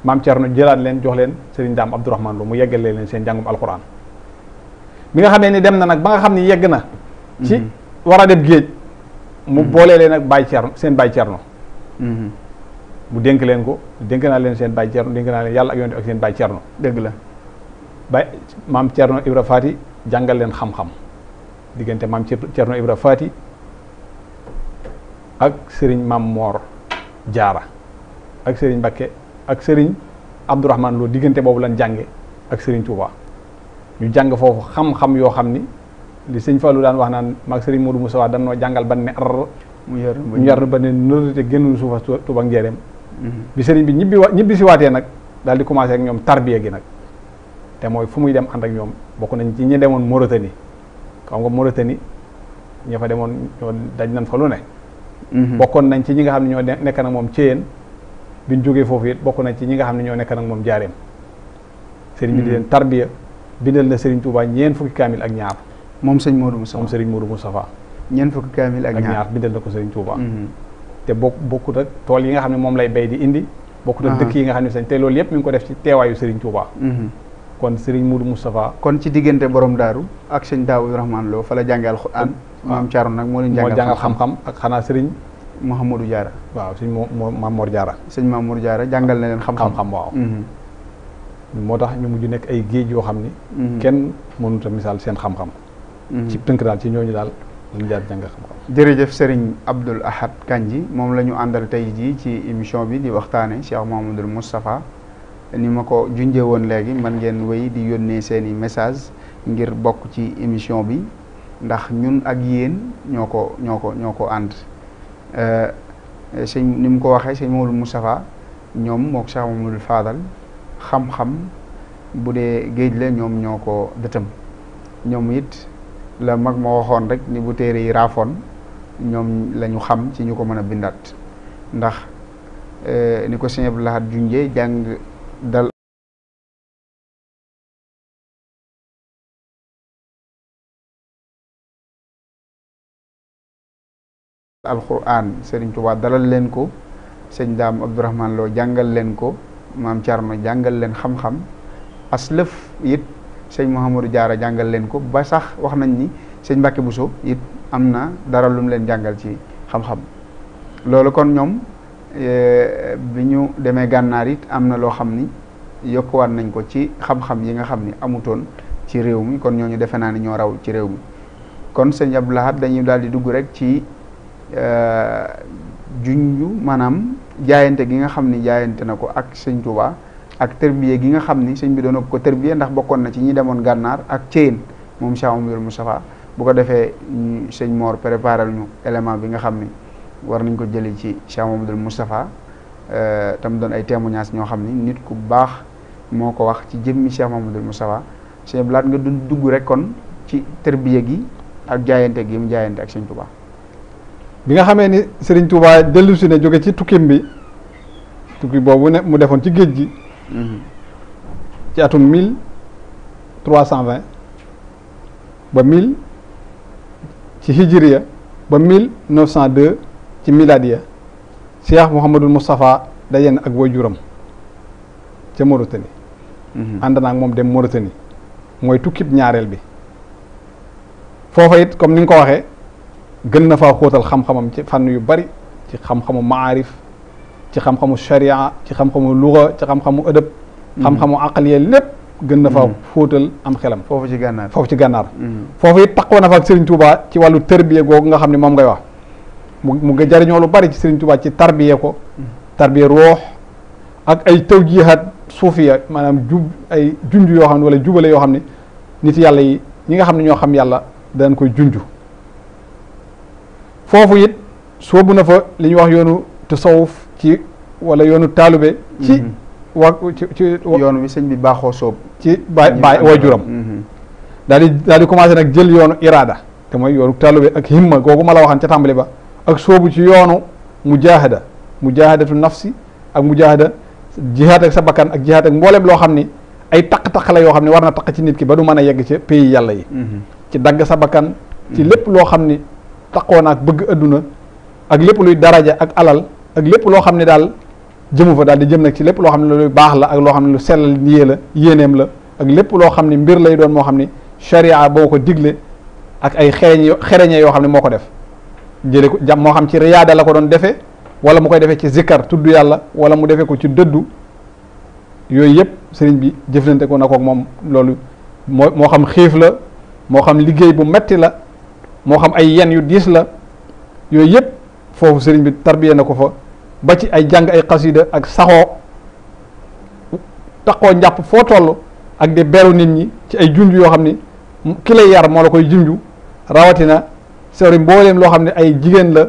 maam Thierno jëlaat leen jox leen Serigne Dame Abdourahmane Lo mu yeggalee leen seen jàngum alxuraan bi nga xamee ni dem na nag ba nga xam ni yegg na. ci mhm. war a dem géej. mu mhm. boolee leen ak Baye Thierno seen Baye Thierno. Mhm. mu dénk leen ko dénk naa leen seen Baye Thierno naa yàlla ak yonent ak seen Baye Thierno. dëgg la Baye maam Thierno Ibra Fati jàngal leen xam-xam diggante maam Thierno Ibra Fati ak Serigne maam Mor Jaara ak Serigne Mbakke. ak sëriñ Abdourahman Lo diggante boobu lañ jànge ak sëriñ Touba ñu jàng foofu xam-xam yoo xam ni li sëñ Fallou daan wax naan maag sëriñ Modou Moussa wax danoo jàngal ban ne ar mu yar ba ne nër te génnuñu suufa Touba njeereem mm-hmm. bi sëriñ bi ñibbi ñibbi si waatee nag daal di commencé ak ñoom tarbiya gi nag te mooy fu muy dem ànd ak ñoom bokk nañ ci ñi demoon Mauritanie xam nga Mauritanie ña fa demoon ñoo daj nañ fa lu ne mm-hmm. bokkoon nañ ci ñi nga xam ne ñoo nekk nag moom Thiéyène biñ jógee foofu it bokk nañ ci ñi nga xam ne ñoo nekk nag moom jaareem sëriñ bi di leen tarbiya bindal na sëriñ Touba ñeen fukki kaamil ak ñaar moom sëriñ Modou Moustapha moom sëriñ Modou Moustapha ñeen fukki kaamil ak ñaar bindal na ko sëriñ Touba mm-hmm. te bokk bokkut ak tool yi nga xam ne moom lay bay di indi bokkut ak ah. dëkk yi nga xam ne sañ te loolu yëpp mi ngi ko def ci teewaayu sëriñ Touba mm-hmm. kon sëriñ Modou Moustapha kon ci diggante borom daaru ak sëñ Daawud Rahman Lo fa la jàngal Alxuraan maam Caaroon nag moo leen jàngal xam-xam ak xanaa sëriñ Mouhamadou Diarra. waaw sëñ Mamour Diarra. sëñ Mamour Diarra jàngal na leen xam-xam. xam waaw. Mhm. moo tax ñu mujj nekk ay géej yoo xam ni. Mhm. kenn mënut a misaal seen xam-xam. Mhm. ci tënk daal ci ñooñu daal lañu jaar jàng xam-xam. jërëjëf sëriñ Abdoul Ahad Kandji moom lañu ñu àndal tey jii ci émission bi di waxtaane Cheikh Mouhamadoul Moustapha ni ma ko junjee woon léegi man ngeen wéy di yónnee seen i message ngir bokk ci émission bi ndax ñun ak yéen ñoo ko ñoo ko ñoo ko ànd. Euh, sëñ ni mu ko waxee sëñ Mamadou Moustapha ñoom moo Cheikh Mamadou Fadal xam-xam bu dee géej la ñoom ñoo ko dëtëm ñoom it la mag ma waxoon rek ni bu téere yi raafoon ñoom lañu xam ci ñu ko mën a bindaat ndax euh, ni ko sëñ Abdou Lahad jàng dal alquran Serigne Touba dalal leen ko sëñ Daam Abdourahman loo jàngal leen ko maam Thierno jàngal leen xam-xam aslëf it sëñ Mouhamadou Diarra jàngal leen ko ba sax wax nañ ni sëñ bu Bousso it am na dara lu leen jàngal ci xam-xam loolu kon ñoom eh, bi ñu demee gànnaar it am na loo xam ni yokkuwaat nañ ko ci xam-xam yi nga xam ni amutoon ci réew mi kon ñoo ñu defe naa ni ñoo raw ci réew mi kon sëñ Abdou Lahad dañuy daal dugg rek ci Euh, junju maanaam jaayante gi nga xam ni jaayante na ko ak sëñ Touba ak tërbiye gi nga xam ni sëñ bi doon ko tërbiye ndax bokkoon na ci ñi demoon gànnaar ak Céyeen moom Cheikh Amadou Moustapha bu ko defee sëñ Mor préparal ñu élément bi nga xam ni war nañ ko jëlee ci Cheikh Amadou Moustapha euh, tam doon ay témoignages ñoo xam ni nit ku baax moo ko wax ci jëmmi Cheikh Amadou Moustapha sëñ Blaat nga dugg rek kon ci tërbiye gi ak jaayante gi mu jaayante ak sëñ Touba. bi nga xamee ni Serigne Touba dellu si ne jóge ci tukkim bi tukki boobu ne mu defoon ci géej gi. Mhm. ci atum mille trois cent vingt ba mille ci hijriya ba mille neuf cent deux ci miladiya Cheikh Mouhamadul da dajen ak waajuram ca Mauritanie. Mhm. ànd naa moom dem Mauritanie mooy tukkib ñaareel bi foofa it comme ni nga ko waxee. gën na faa xóotal xam-xamam ci fànn yu bari ci xam-xamu maarif ci xam-xamu sharia ci xam-xamu luga ci xam-xamu ëdëb mm-hmm. xam-xamu aqliya lépp gën na faa mm-hmm. xóotal am xelam foofu ci gànnaar foofu ci gànnaar mm-hmm. foofu it taqoo na fa ak Serigne Touba ci wàllu tërbiye googu nga xam ne moom ngay wax mu mu nga jariñoo lu bari ci Serigne Touba ci tarbiye ko tarbiye ruux ak ay tawjihat suufiya maanaam jub ay junj yoo xam ne wala jubale yoo xam ne nit yàlla yi ñi nga xam ne ñoo xam yàlla daan koy junj foofu it soobu na fa li ñuy wax yoonu te tasawuf ci wala yoonu taalube ci mhm. wa ci ci yoon wi sëñ bi baaxoo soob ci baay baay waajuram mhm. daal di daal commencé nag jël yoonu iraada te mooy yoonu taalube ak himma googu ma la waxan ca tàmbali ba ak soobu ci yoonu mujaahada mujaahadatu nafsi ak mujaahada jihaad ak sa bakkan ak jihaad ak mbooleem loo xam ni ay taq-taq la yoo xam ne war na taq ci nit ki ba du mën a yegg ca pays yàlla yi mhm. ci dagg sa bakkan ci lépp loo xam ni taxoo naag bëgg adduna ak lépp luy daraja ak alal ak lépp loo xam ne daal jëmu fa daal di jëm nag ci lépp loo xam ne lu baax la ak loo xam ne lu sellal yée la yéeneem la ak lépp loo xam ne mbir lay doon moo xam ne charia boo ko digle ak ay xereñ xereñe yoo xam ne moo ko def jële ko jàmm moo xam ci riyaada la ko doon defee wala mu koy defee ci zikkar tudd yàlla wala mu defee ko ci dëddu yooyu yëpp sëriñ bi jëflante ko na kook moom loolu moo xam xiif la moo xam liggéey bu metti la moo xam ay yen yu diis la yooyu yëpp foofu sëriñ bi tarbiya na ko fa ba ci ay jàng ay xasida ak saxoo taxoo njàpp foo toll ak di beru nit ñi ci ay junj yoo xam ni kilo lay yar moo la koy junju rawatina sori mbooleem loo xam ne ay jigéen la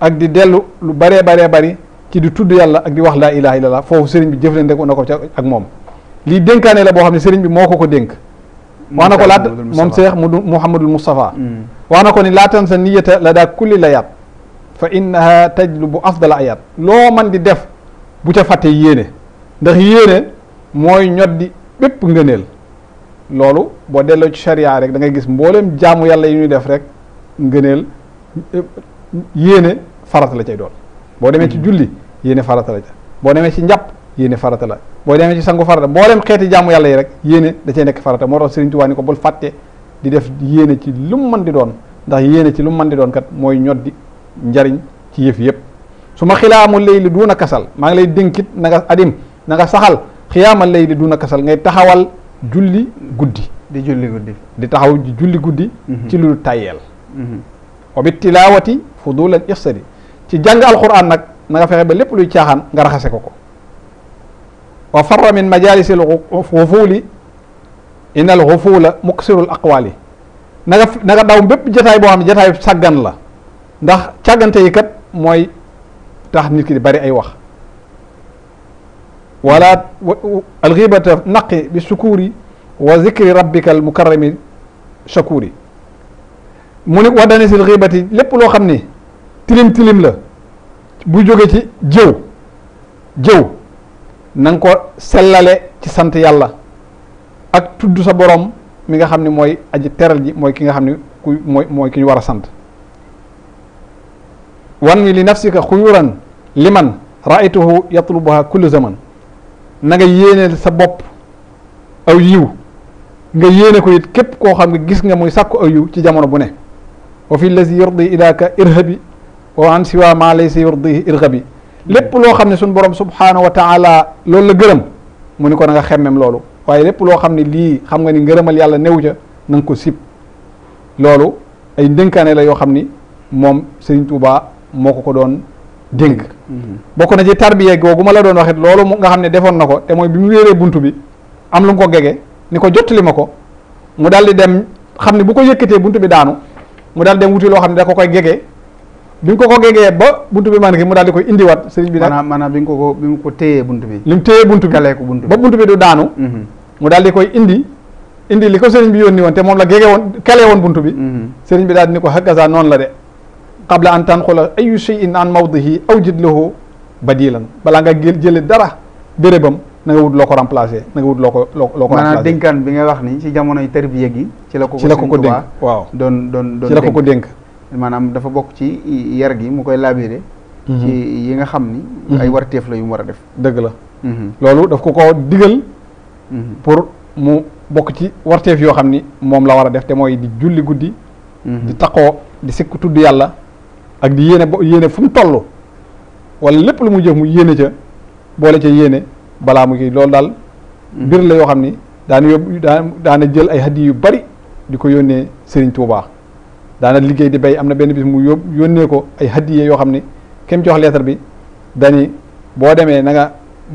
ak di dellu lu baree bare bari ci di tudd yàlla ak di wax laa ilaha illallah foofu sëriñ bi jëflante na ko ca ak moom lii dénkaane la boo xam ne sëriñ bi moo ko ko dénk wax na ko laat moom seex Muhammadul Moustapha mm. waa na ko ni laa tansa niyata la daa kulli layaat fa innaha bu afdala ayaat loo man di def bu ca fàttee yéene ndax yéene mooy ñoddi bépp ngëneel loolu boo delloo ci charia rek da ngay gis mbooleem jaamu yàlla yi ñuy def rek ngëneel yéene farata la cay doon boo demee ci hmm. julli yéene farata la ca boo demee ci njàpp yéene farata la boo demee ci sangu farata mbooleem xeeti jaamu yàlla yi rek yéene da cay nekk farata moo tax Sëriñ Tuubaa ko bul fàtte di def yéene ci lu mu mën di doon ndax yéene ci lu man di doon kat mooy ñoddi njariñ ci yëf yëpp su ma xilaamu layli duuna kasal maa ngi lay dénkit na nga nanga saxal nga ma xiyaama layli duuna kasal ngay taxawal julli guddi di julli guddi di taxaw julli guddi mhm. ci lu tàyyeel mhm. wa bi tilaawati fudul al ci jàng alquran nag na fexe ba lépp luy caaxaan nga raxase ko ko wa farra min majalisi al xufuuli inal xufuula muksirul aqwaal yi na nga na daw bépp jataay boo xam ne jataay sàggan la ndax càggante yi kat mooy tax nit ki di bari ay wax wala alxibata naqi bi sukuuri wa zikri rabbika al mukarrami shakuuri mu ni waddane sil xibati lépp loo xam ni tilim tilim la bu jóge ci jëw jëw na ko sellale ci sant yàlla ak tudd sa borom mi nga xam ni mooy aji teral ji mooy ki nga xam ne ku mooy mooy ki ñu war a sant wan wi li nafsika xuyuran liman raaytuhu yatlubuha kullu zaman na nga yéene sa bopp aw yiw nga yéene ko it képp koo xam nga gis nga muy sàkku aw yiw ci jamono bu ne wa fi lazi yurdi idaaka irhabi wa an siwa ma laysa yurdihi irhabi lépp loo xam ne suñ borom subhanahu wa taala loolu la gërëm mu ni ko na nga xemmem loolu waaye lépp loo xam ne lii xam nga ni ngërëmal yàlla newu ca na ko sib loolu ay ndénkaane la yoo xam ni moom Serigne Touba moo ko ko doon dénk mm-hmm. bokk na ci tarbiya googu ma la doon waxit loolu nga xam ne defoon na ko te mooy bi mu wéeree bunt bi am lu mu ko gege ni ko jottali ma ko mu daal di dem xam ne bu ko yëkkatee bunt bi daanu mu daal dem wuti loo xam ne da ko koy gegee bi mu ko ko gegee ba bunt bi man ki mu daal di koy indiwaat sëriñ bi nag maanaam bi mu ko bunt bi li mu téyee mu daal di koy indi indi li ko sëriñ bi yónni woon te moom la gege woon kale woon buntu bi mm-hmm. sëriñ bi daal di ni ko hakaza noonu la de qabla an tanqula ayu shay'in an mawdihi aw jid lahu badilan balaa nga jël jële dara bérébam na wut loo ko remplacé na nga wut loo ko loo loo ko maanaam dénkaan bi nga wax ni ci jamonoy tarbiya gi ci la ko ci la ko ko dénk waaw doon doon doon la ko ko dénk maanaam dafa bokk ci yar gi mu koy labiré mm-hmm. ci yi nga xam ni mm-hmm. ay teef la yu mu war a def dëgg la loolu daf ko ko digal Mm-hmm. pour mu bokk ci warteef yoo xam ni moom la war a def te mooy di julli guddi mm-hmm. di taqoo di sikk tudd yàlla ak di yéene bo yéene fu mu toll wala lépp lu mu jëf mu yéene ca boole ca yéene balaa mu kii loolu daal mm-hmm. mbir la yoo xam ni daana yóbbu daana jël ay hadiya yu bari di ko yónnee Serigne Touba daana liggéey di bay am na benn bis mu yób yónnee ko ay hadiya yoo xam ni kenn jox lettre bi dani boo demee nanga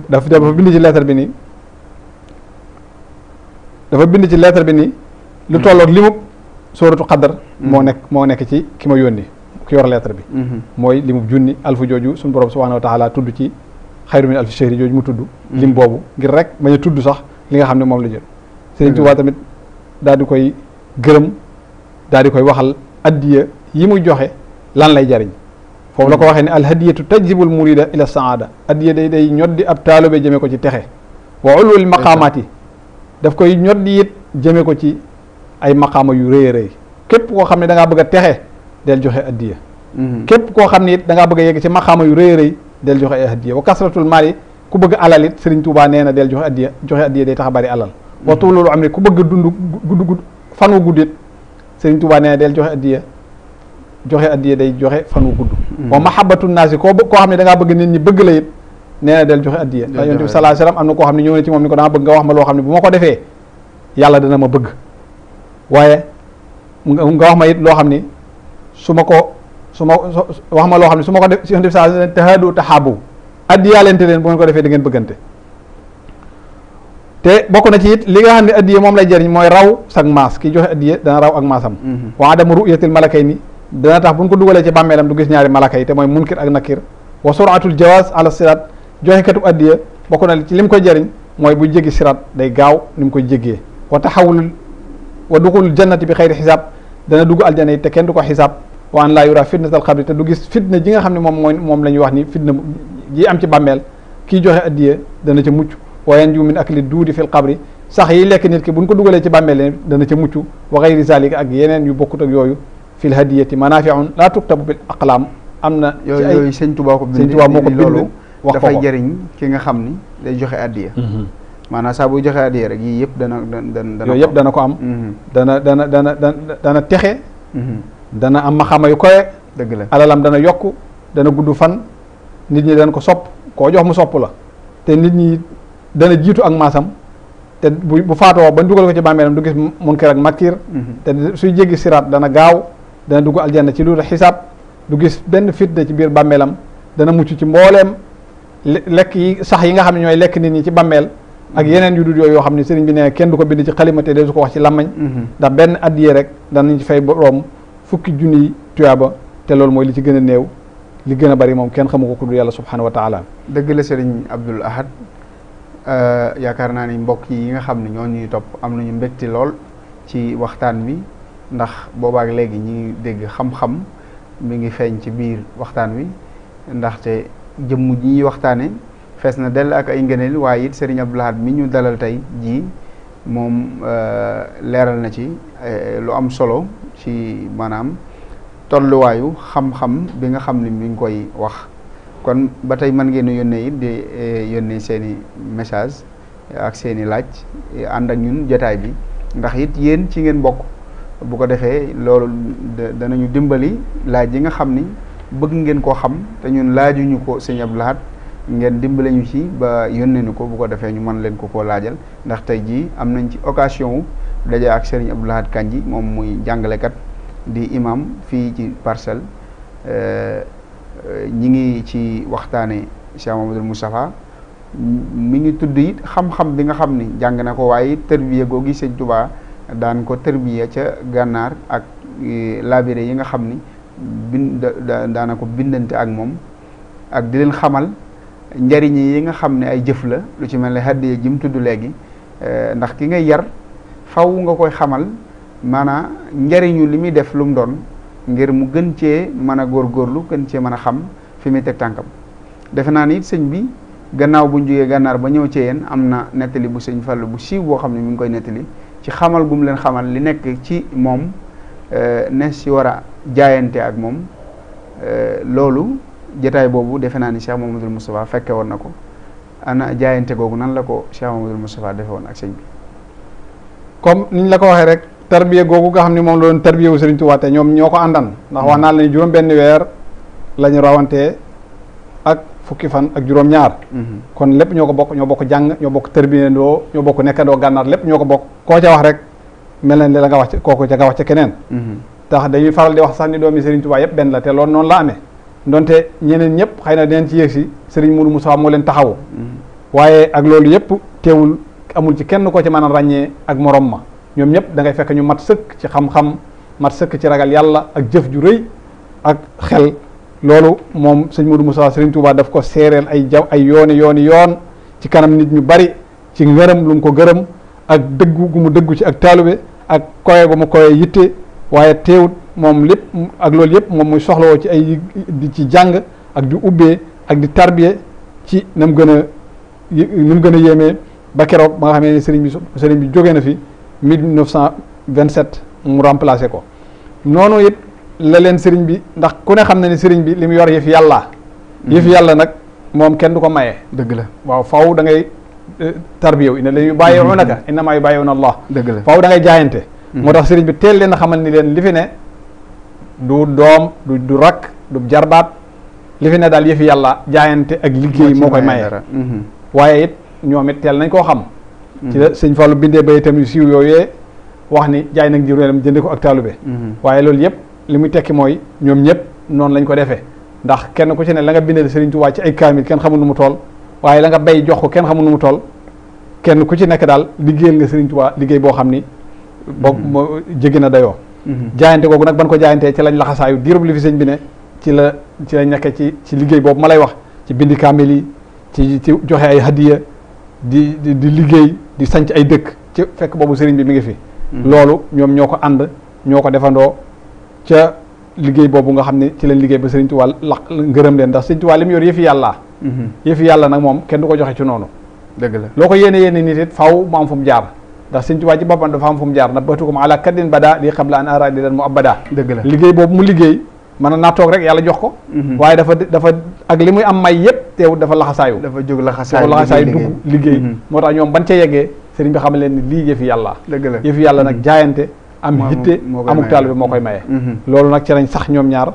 nga dafa dafa bind ci lettre bi ni dafa bind ci lettre bi ni lu mm-hmm. tolloog li mu sóoratu xaddar mm-hmm. moo nekk moo nekk ci ki ma yónni ki yor lettre bi mm-hmm. mooy li mu junni alfu jooju suñu borom subhanahu wa taala tudd ci xayru min alfi shahri jooju mu tudd lim boobu ngir rek bañ tudd sax li nga xam ne moom la jël Sëriñ Tuubaa tamit daal di koy gërëm daal di koy waxal addiya yi muy joxe lan lay jariñ foofu la ko waxee ne alhadiyatu tajzibul murida ila saada addiya day day ñoddi ab taalibe jëme ko ci texe wa yi daf koy ñoddi it jëme ko ci ay maqaama yu rëy a rëy képp koo xam ne da bëgg a texe del joxe addiya mm-hmm. képp koo xam ne it da ngaa bëgg a yegg ci maqaama yu rëy a rëy del joxe ay addiya wa kasratul maali ku bëgg alal it Serigne Touba nee na del joxe addiya joxe addiya day tax bari alal mm-hmm. wa tuulul amri ku bëgg dund gudd gudd fan wu gudd it Serigne Touba nee na del joxe joxe addiya day joxe fan wu gudd mm-hmm. wa mahabbatu naasi koo koo xam ne da bëgg nit ñi bëgg la yit nee na del joxe addiya ndax yonent bi sallallahu alayhi wasallam am na koo xam ne ñëw na ci moom ni ko dama bëgg nga wax ma loo xam ne bu ma ko defee yàlla dana ma bëgg waaye nga wax ma it loo xam ni su ma ko su ma wax ma loo xam ne su ma ko def yonent bi sallallahu alayhi wasallam tahaadu tahaabu addiya leente leen bu ngeen ko defee da ngeen bëggante te bokk na ci it li nga xam ne addiya moom lay jëriñ mooy raw sag maas ki joxe addiya dana raw ak maasam mm-hmm. wa adam ru'yatil malakayni dana tax bu ñu ko dugalee ci bàmmeelam du gis ñaari malaka yi te mooy munkir ak nakir wa suratul jawaaz ala sirat joxekatu addiya bokk na ci li mu koy jariñ mooy bu jéggi siraat day gaaw ni mu koy jéggee wa taxawul wa duxul jannati bi xayri xisaab dana dugg aljana yi te kenn du ko xisaab wa an laa yura fitnatal xabri te du gis fitna ji nga xam ne moom mooy moom la ñuy wax ni fitna ji am ci bàmmeel kii joxe addiya dana ca mucc wa yanju min akli duudi fil xabri sax yi lekk nit ki buñ ko dugalee ci bàmmeel dana ca mucc wa xayri zalika ak yeneen yu bokkut ak yooyu fil hadiyati manaafiun laa tuktabu bil aqlaam am na. ci ay yooyu yooyu sëñ Tuubaa ko bind. sëñ Tuubaa wax dafay jëriñ ki nga xam ni day joxe addiya mm-hmm. maanaam saa buy joxe addiya rek yii yëpp dana dana yooyu yëpp dana ko am mm-hmm. dana dana dana dana texe mm-hmm. dana am maxama yu koye dëgg la alalam dana yokk dana gudd fan nit ñi dañ ko sopp koo jox mu sopp la te nit ñi dana jiitu ak maasam te bu bu faatoo ba dugal ko ci bàmmeelam du gis munkar ak makkiir te suy jéggi siraat dana gaaw dana dugg aljanna ci lu de xisaab du gis benn fitna ci biir bàmmeelam dana mucc ci mbooleem lekk yi sax yi nga xam ne ñooy lekk nit ñi ci bàmmeel ak mhm. yeneen yu dul yooyu yoo xam ne sëriñ bi ne kenn du ko bind ci xalima te de su ko wax ci làmmañ mhm. ndax benn addiyee rek danañ ci fay boroom fukki junniy tuyaaba te loolu mooy li ci gën a néew li gën a bari moom kenn xamu ko ku dul yàlla subhanahu wa taala dëgg la sëriñ Abdul Ahad euh, yaakaar naa ni mbokk yi nga xam ne ñoo ñuy topp am na nañu mbégte lool ci waxtaan wi ndax boobaak léegi ñi dégg xam-xam mi ngi feeñ ci biir waxtaan wi ndaxte jëmm ji ñuy waxtaane fees na dell ak ay ngëneel waaye it Serigne Abdou Lahad mi ñu dalal tey jii moom euh, leeral na ci euh, lu am solo ci maanaam tolluwaayu xam-xam bi nga xam ni mi ngi koy wax kon ba tey mën ngeen a yónnee it di euh, yónnee seen i message ak seeni laaj ànd ak ñun jotaay bi ndax it yéen ci ngeen bokk bu ko defee loolu danañu dimbali laaj yi nga xam ni bëgg ngeen koo xam te ñun laajuñu ko sëñ Abdou Lahad ngeen dimbale ñu ci ba yónnee ñu ko bu ko defee ñu mën leen ko koo laajal ndax tey jii am nañ ci occasion wu daje ak sëriñ Abdou Lahad Kandji moom muy jàngalekat di imam fii ci parcelle euh, ñi ngi ci waxtaane Cheikh Mamadou Moustapha mi ngi tudd it xam-xam bi nga xam ni jàng na ko waaye tërbiya googi sëñ Touba daan ko tërbiya ca gànnaar ak euh, labiré yi nga xam ni bind daana ko bindante ak moom ak di leen xamal njariñ yi nga xam ne ay jëf la lu ci mel ne hadiya ji mu tudd léegi eh, ndax ki ngay yar faw nga koy xamal maanaam njariñu li muy def lu mu doon ngir mu gën cee mën a góor góorlu gën cee mën a xam fi muy teg tànkam defe naa ni it sëñ bi gannaaw bu ñu gànnaar ba ñëw ci yéen am na nettali bu sëñ Fallu bu siiw boo xam ne mi ngi koy nettali ci xamal gum leen xamal li nekk ci moom eh, ne si war jaayante ak moom euh, loolu jataay boobu defe naa ni Cheikh Mamadou Moustapha fekke woon na ko ana jaayante googu nan la ko Cheikh Mamadou Moustapha defe woon ak sëñ bi comme niñ la ko waxee rek tarbiya googu nga xam ne moom la doon tarbiya wu Sëriñ Tuubaa te ñoom ñoo ko àndan ndax wax naa la ni juróom benn weer la ñu rawantee ak fukki fan ak juróom ñaar mhm. kon lépp ñoo ko bokk ñoo bokk jàng ñoo bokk tarbiyandoo ñoo bokk nekkandoo gànnaar lépp ñoo ko bokk koo ca wax rek mel na li la nga wax kooku ca nga wax ca keneen mhm. tax dañuy faral di wax sax ni doomi Serigne Touba yëpp benn la te loolu noonu la amee donte ñeneen ñëpp xëy na dinañ ci yéeg si Serigne Mourou Moussa moo leen taxawu mm-hmm. waaye ak loolu yëpp teewul amul ci kenn koo ci mën a ràññee ak moroom ma ñoom ñëpp da ngay fekk ñu mat sëkk ci xam-xam mat sëkk ci ragal yàlla ak jëf ju rëy ak xel loolu moom sëñ Mourou Moussa Serigne Touba daf ko seereel ay jaw ay yooni yooni yoon ci kanam nit ñu bari ci ngërëm lu mu ko gërëm ak dëggu gu ci ak taalube ak waaye teewut moom lépp ak loolu yëpp moom muy soxlawoo ci ay di ci jàng ak di ubbee ak di tarbiye ci nam mu gën a ni mu gën a yéemee ba keroog ba nga xamee ne sëriñ bi sëriñ bi jógee na fi 1927 mu remplacé ko noonu it la leen sëriñ bi ndax ku ne xam na ne sëriñ bi li mu yor yëf yàlla. Mm-hmm. yëf yàlla nag moom kenn du ko maye. dëgg la waaw faaw da ngay eh, tarbiyew inna la yu bàyyeewu naka mm-hmm. innamaa yu bàyyeewu na allah. dëgg da ngay jaayante. moo tax sëriñ bi teel leen xamal ni leen li fi ne du doom du du rakk du jarbaat li fi ne daal yëfi yàlla jaayante ak liggéey moo koy maye mhm. waaye it ñoom it teel nañ koo xam mhm. ci la sëñ Fallou bindee ba tamit yu siiw yooyee wax ni jaay nag juróom jënde ko ak taalube mhm. waaye loolu yëpp li mu tekki mooy ñoom ñëpp noonu lañ ko defee ndax kenn ku ci ne la nga bindal sëriñ Tuubaa ci ay kaamil kenn xamul nu mu tool waaye la nga bay jox ko kenn xamul nu mu tool kenn ku ci nekk daal liggéeyal nga sëriñ Tuubaa liggéey boo xam ni boobu mm-hmm. moo jege na dayoo mm-hmm. jaayante googu nag ban ko jaayantee ci lañ laxasaayu diirub li fi sëñ bi ne ci la ci la nekkee ci ci liggéey boobu ma lay wax ci bindi kaamil yi ci ci joxe ay hadiya di di liggéey di sanc ay dëkk ci fekk boobu sëriñ bi mi ngi fi mm-hmm. loolu ñoom ñoo ko ànd ñoo ko defandoo ca liggéey boobu nga xam ne ci lañ liggéey ba sëriñ Tuubaa la ngërëm leen ndax sëriñ Tuubaa li mu yor yëfi yàlla yëfi yàlla nag moom kenn du ko joxe ci noonu dëgg la loo ko yéene yéene nit mu am ndax Sëñ Tuubaa ci boppam dafa am fu jaar na batukum ala kaddin bada lii xam la an ara di dan mu abada la liggéey boobu mu liggéey mën a naa toog rek yàlla jox ko mhm. waaye dafa dafa ak li muy am may yëpp teewul dafa laxasaayu dafa jóg laxasaayu laxasaayu dugg liggéey mhm. moo tax ñoom ban ca yeggee sëriñ bi xam leen ni lii yëfi yàlla dëgg la yëfi yàlla nag mhm. jaayante am yitte amuk taalibe moo koy maye loolu nag ci lañ sax ñoom ñaar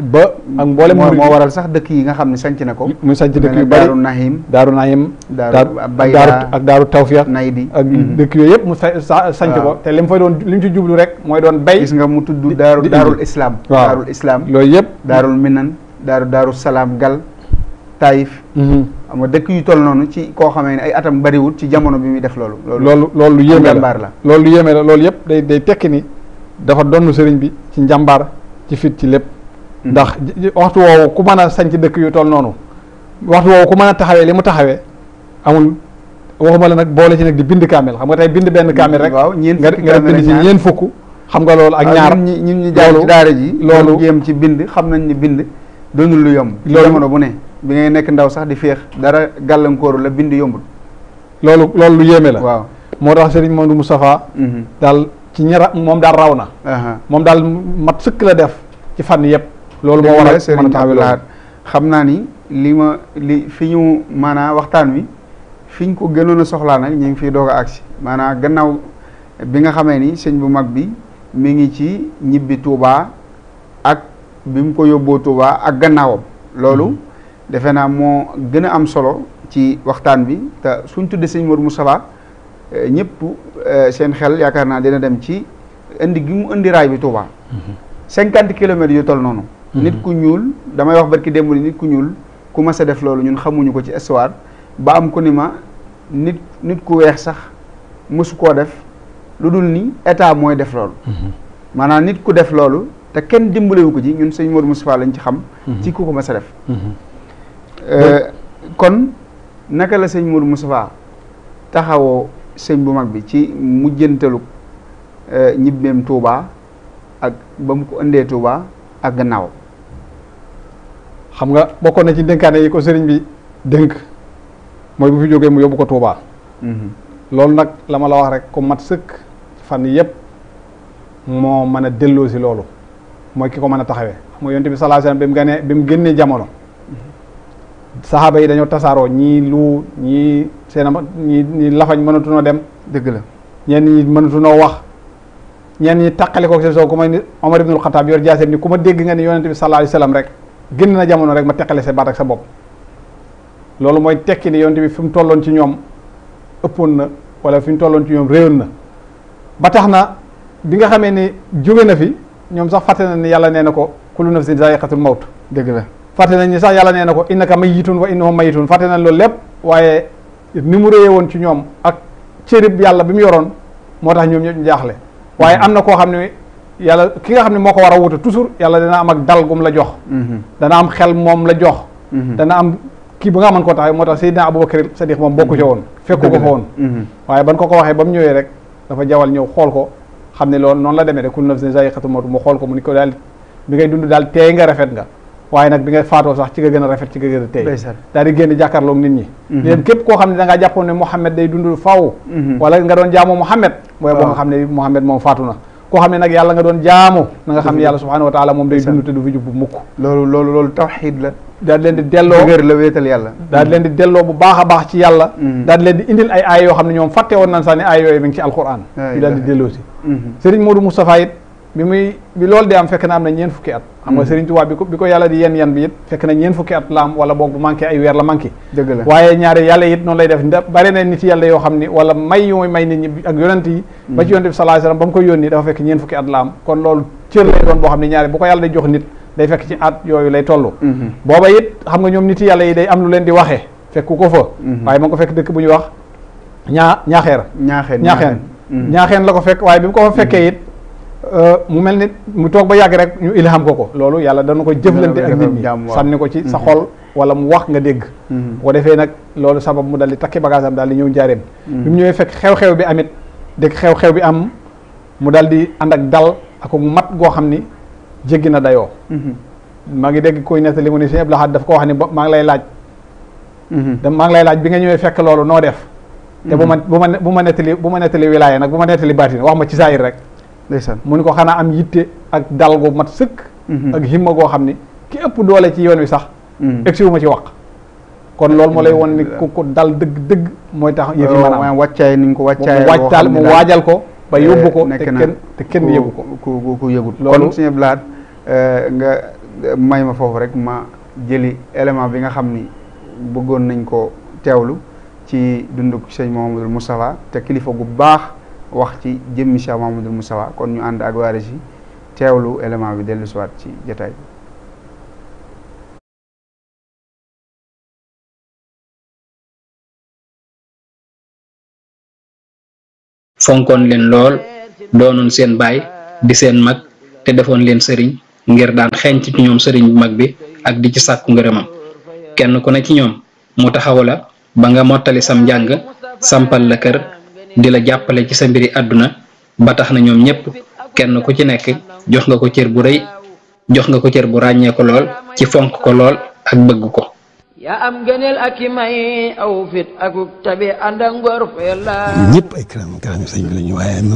ba ak mboolem moo waral sax dëkk yi nga xam ne sanc na ko mu sanc dëkk yu bari daaru nahim daaru nahim daaru ak daaru tawfiq naydi ak mhm. dëkk yooyu yëpp mu sanc ko te li mu fay doon li mu ci jublu rek mooy doon bay gis nga mu tudd daaru daarul islam daarul islam loolu yëpp daarul minan daaru daaru salaam gal taayif mhm. xam dëkk yu toll noonu ci koo xamee ne ay atam bariwul ci jamono bi muy def loolu loolu loolu yéeme la loolu yéeme la loolu yëpp day day tekki ni dafa donn sëriñ bi ci njàmbaar ci fit ci lépp ndax waxtu woowu ku mën a sañc dëkk yu toll noonu waxtu woowu ku mën a taxawee li mu taxawee amul waxuma la nag boole ci nag di bind kaamil xam nga tey bind benn kaamil rek nga bind ci ñeen fukk xam nga loolu ak ñaar ñi ñi jaar ci ji loolu jéem ci bind xam nañ ni bind doonul lu yomb loolu jamono bu ne bi ngay nekk ndaw sax di féex dara gàllankooru la bind yombul loolu loolu lu yéeme la waaw moo tax Serigne Mamadou Moustapha mhm. daal ci ñara moom daal raw na moom daal mat sëkk la def ci fànn yëpp loolu moo waral man taxawal xam naa ni li ma li fi ñu maanaam waxtaan wi fi ñu ko gënoon a soxlaa nag ñu ngi fiy doog a agsi maanaam gannaaw bi nga xamee ni sëñ bu mag bi mi ngi ci ñibbi Touba ak bi mu ko yóbboo Touba ak gannaawam loolu mm-hmm. defe naa moo gën a am solo ci waxtaan bi te suñ tuddee sëñ Modou Moustapha eh, ñëpp eh, seen xel yaakaar naa dina dem ci indi gi mu indi raay bi Touba. Mm-hmm. cinquante kilomètres yu toll noonu. Mm-hmm. nit ku ñuul damay wax barki démb nit ku ñuul ku mas def loolu ñun xamuñu ko ci histoire ba am ku ni ma nit nit ku weex sax mësu koo def lu dul ni état mooy def loolu. Mm-hmm. maanaam nit ku def loolu te kenn dimbalewu ko ci ñun sëñ Modou Moustapha lañ ci xam. Mm-hmm. ci ku ko mas a def. Euh, kon naka la sëñ Modou Moustapha taxawoo sëñ bu mag bi ci mujjantalu euh, ñibbeem Touba ak ba mu ko indee Touba ak gannaaw. xam nga bokkoon na ci dénkaane yi ko sëriñ bi dénk mooy bu fi jógee mu yóbbu ko Touba. Mhm. loolu nag la ma la wax rek ku mat sëkk fan yëpp moo mën a delloo si loolu mooy ki ko mën a taxawee xam nga yonent bi sallallahu alayhi bi mu ganee bi génnee jamono saxaaba yi dañoo tasaaroo ñii lu ñii seen a ñii ñii lafañ mënatunoo dem dégg la ñenn ñi mënatunoo wax ñenn ñi tàqale ko seen soo ku may ni Omar ibnul Xataab yor jaaseem ni ku ma dégg nga ni yonent bi sallallahu alayhi rek génn na jamono rek ma teqale sa baat ak sa bopp loolu mooy tekki ni yonte bi fi mu tolloon ci ñoom ëppoon na wala fi mu tolloon ci ñoom réyoon na ba tax na bi nga xamee ni jóge na fi ñoom sax fàtte na ni yàlla nee na ko kullu nafsin zaiqatul mawt dëgg la fàtte nañ ni sax yàlla nee na ko innaka mayyitun wa innahum mayyitun fàtte nañ loolu lépp waaye ni mu réye woon ci ñoom ak cërib yàlla bi mu yoroon moo tax ñoom ñëpp ñu jaaxle waaye mm-hmm. am na koo xam ne yàlla ki nga xam ne moo ko war a wuute toujours yàlla dana am ak dal gum la jox mhm. dana am xel moom la jox mhm. dana am kii bu nga mën koo taxaw moo tax Seydina Aboubacar Sadiq moom bokku ca woon mhm. fekku ko fa woon waaye ban ko ko waxee ba mu ñëwee rek dafa jawal ñëw xool ko xam ne loolu noon la demee rek kullu nafsin zaa'iqatul mawt mu xool ko mu ni ko daal bi ngay dund daal teey nga rafet nga waaye nag bi nga faatoo sax ci nga gën a rafet ci nga gën a teey daal di génn nit ñi léegi koo xam ne da ngaa jàppoon ne Mouhamed day dund faw wala nga doon jaamu Mouhamed mooy boo nga xam ne Mouhamed moom faatu na koo xam ne nag yàlla nga doon jaamu na xam ne yàlla subhanahu wa taala moom day dund te du fi jub mukk loolu loolu loolu la daal leen di delloo dëgër la wéetal yàlla daal di bu baax a baax ci yàlla mm-hmm. daal leen di indil ay aay yoo xam ne ñoom fàtte woon nan sax ne aay yooyu mi ngi ci alquran daal di delloo mm-hmm. sëriñ Modou Moustapha it bi muy bi loolu di am fekk na am na ñeen fukki at xam nga hmm. Serigne Touba bi ko yàlla di yen yen bi it fekk na ñeen fukki at la am wala boog bu manqué ay weer la manqué dëgg la waaye ñaari yàlla it noonu lay def da bari na nit yàlla yoo xam ni wala may may nit ñi ak yonent hmm. ba ci yonent bi sallallahu ba mu koy yónni dafa fekk ñeen fukki at la kon loolu cër lay doon boo xam ne ñaari bu ko yàlla di jox nit day fekk ci at yooyu lay toll hmm. booba it xam nga Euh, mu mel ni mu toog ba yàgg rek ñu ilham ko ko loolu yàlla dana ko jëflante ak nit ñi sànni ko ci sa xol mm-hmm. wala mu wax nga dégg mm-hmm. bu ko defee nag loolu sabab mu dal di takki bagaasam daal di ñëw njaareem mm-hmm. bi mu ñëwee fekk xew-xew bi amit dégg xew-xew bi am mu daal di ànd ak dal ak mu mat goo xam ni jéggi na dayoo maa ngi dégg koy nettali mu ne Sëñ Abdou Lahad daf ko wax ni maa ngi lay laaj da maa ngi lay laaj bi nga ñëwee fekk loolu noo def te bu ma bu ma bu ma nettali bu ma wax ma ci saayir rek ndeysaan mu ni ko xanaa am yitte ak dal gu mat sëkk mhm. ak himma goo xam ni ki doole ci yoon wi sax mhm. egsiwu ma ci wax kon loolu moo lay won ni ku ko dal dëgg dëgg mooy tax yëf yi oh, maanaam wàccaay ni ko wàccaay waajtaal mu waajal ko ba eh, yóbbu ko te kenn te kenn yëgu ko ku ku yëgul kon suñu blaat eh, nga may ma foofu rek ma jëli élément bi nga xam ni bëggoon nañ ko teewlu ci dunduk sëñ Mouhamadul Moustapha te kilifa gu baax wax ci jëmmi Cheikh mu Moustapha kon ñu ànd ak waare si teewlu élément bi dellu siwaat ci jataay bi fonkoon leen lool doonoon seen baay di seen mag te defoon leen sëriñ ngir daan xeeñ ci ñoom sëriñ bu mag bi ak di ci sàkku ngërëmam kenn ku ne ci ñoom mu taxaw la ba nga mottali sam njàng sampal la kër di la jàppale ci sa mbiri àdduna ba tax na ñoom ñépp kenn ku ci nekk jox nga ko cër bu rëy jox nga ko cër bu ràññee ko lool ci fonk ko lool ak bëgg ko yaa am gëneel ñëpp ay karaama karaama sëñ bi la ñu waaye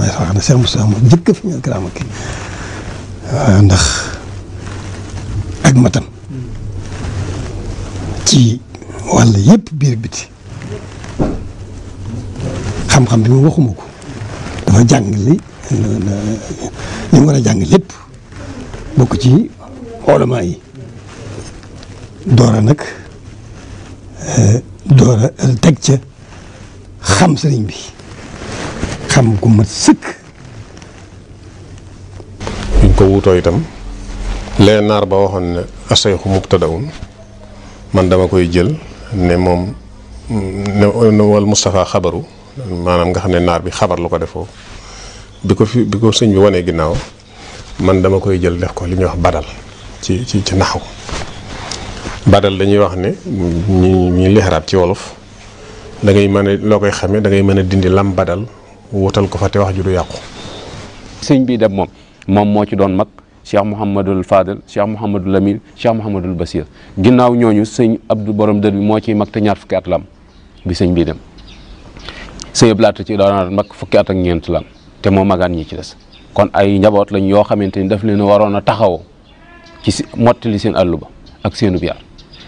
ndax ak matam ci wàll yëpp biir biti xam-xam bi mu waxuma ko dafa jàng li li mu war a jàng lépp bokk ci xoolamaa yi doora nag eh, doora teg ca xam sëriñ bi xam ku mat sëkk. buñ ko wuutoo itam leen naar ba waxoon ne asayxu mubtadaun man dama koy jël ne moom ne wal Moustapha xabaru. maanaam nga xam ne naar bi xabar lu ko defoo bi ko fi bi ko sëñ bi wanee ginnaaw man dama koy jël def ko li ñuy wax badal ci ci ci naxaw badal dañuy wax ne ñu ñu ci wolof da mën a loo koy xamee da ngay mën a dindi lam badal wutal ko fa wax ju yàqu sëñ bii dem moom moom moo ci doon mag cheikh mouhamadul fadil cheikh mouhamadul amin cheikh mouhamadul basir ginnaaw ñooñu sëñ abdou borom dër bi moo ciy mag te ñaar bi sëñ bii dem sëñ Blaat ci daan mag fukki at ak ñeent te moo magaan ñi ci des kon ay njaboot lañ yoo xamante ni daf leen waroon a taxaw ci si mottali seen àllu ba ak seenu biar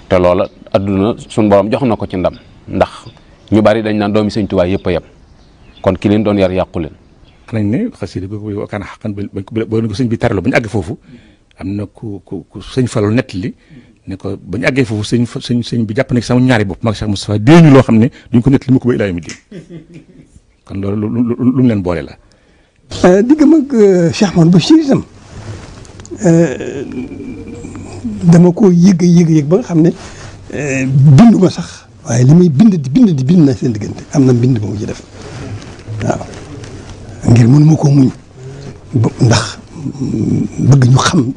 te loola adduna suñ borom jox na ko ci ndam ndax ñu bari dañ naan doom sëñ Tuubaa yëpp a yem kon ki leen doon yar yàqu leen. nañ ne xasida bi boo xaqan ba ko sëñ bi tarloo ba ñu foofu am na ku ku ku sëñ Fallu nettali ne ko ba ñu àggee foofu sëñ sëñ bi jàpp ne sama ñaari bopp mag Cheikh Moustapha dee ñu loo xam ne duñ ko nett ko ba ilaa yu mujj kon leen boole la. Euh, digg euh, mag euh, dama ko yëg yëg yëg ba nga xam ne bindu ma sax waaye li may bind di bind di bind na seen diggante am na bind ba mu ci def waaw ngir mënu koo muñ ndax mm, bëgg ñu xam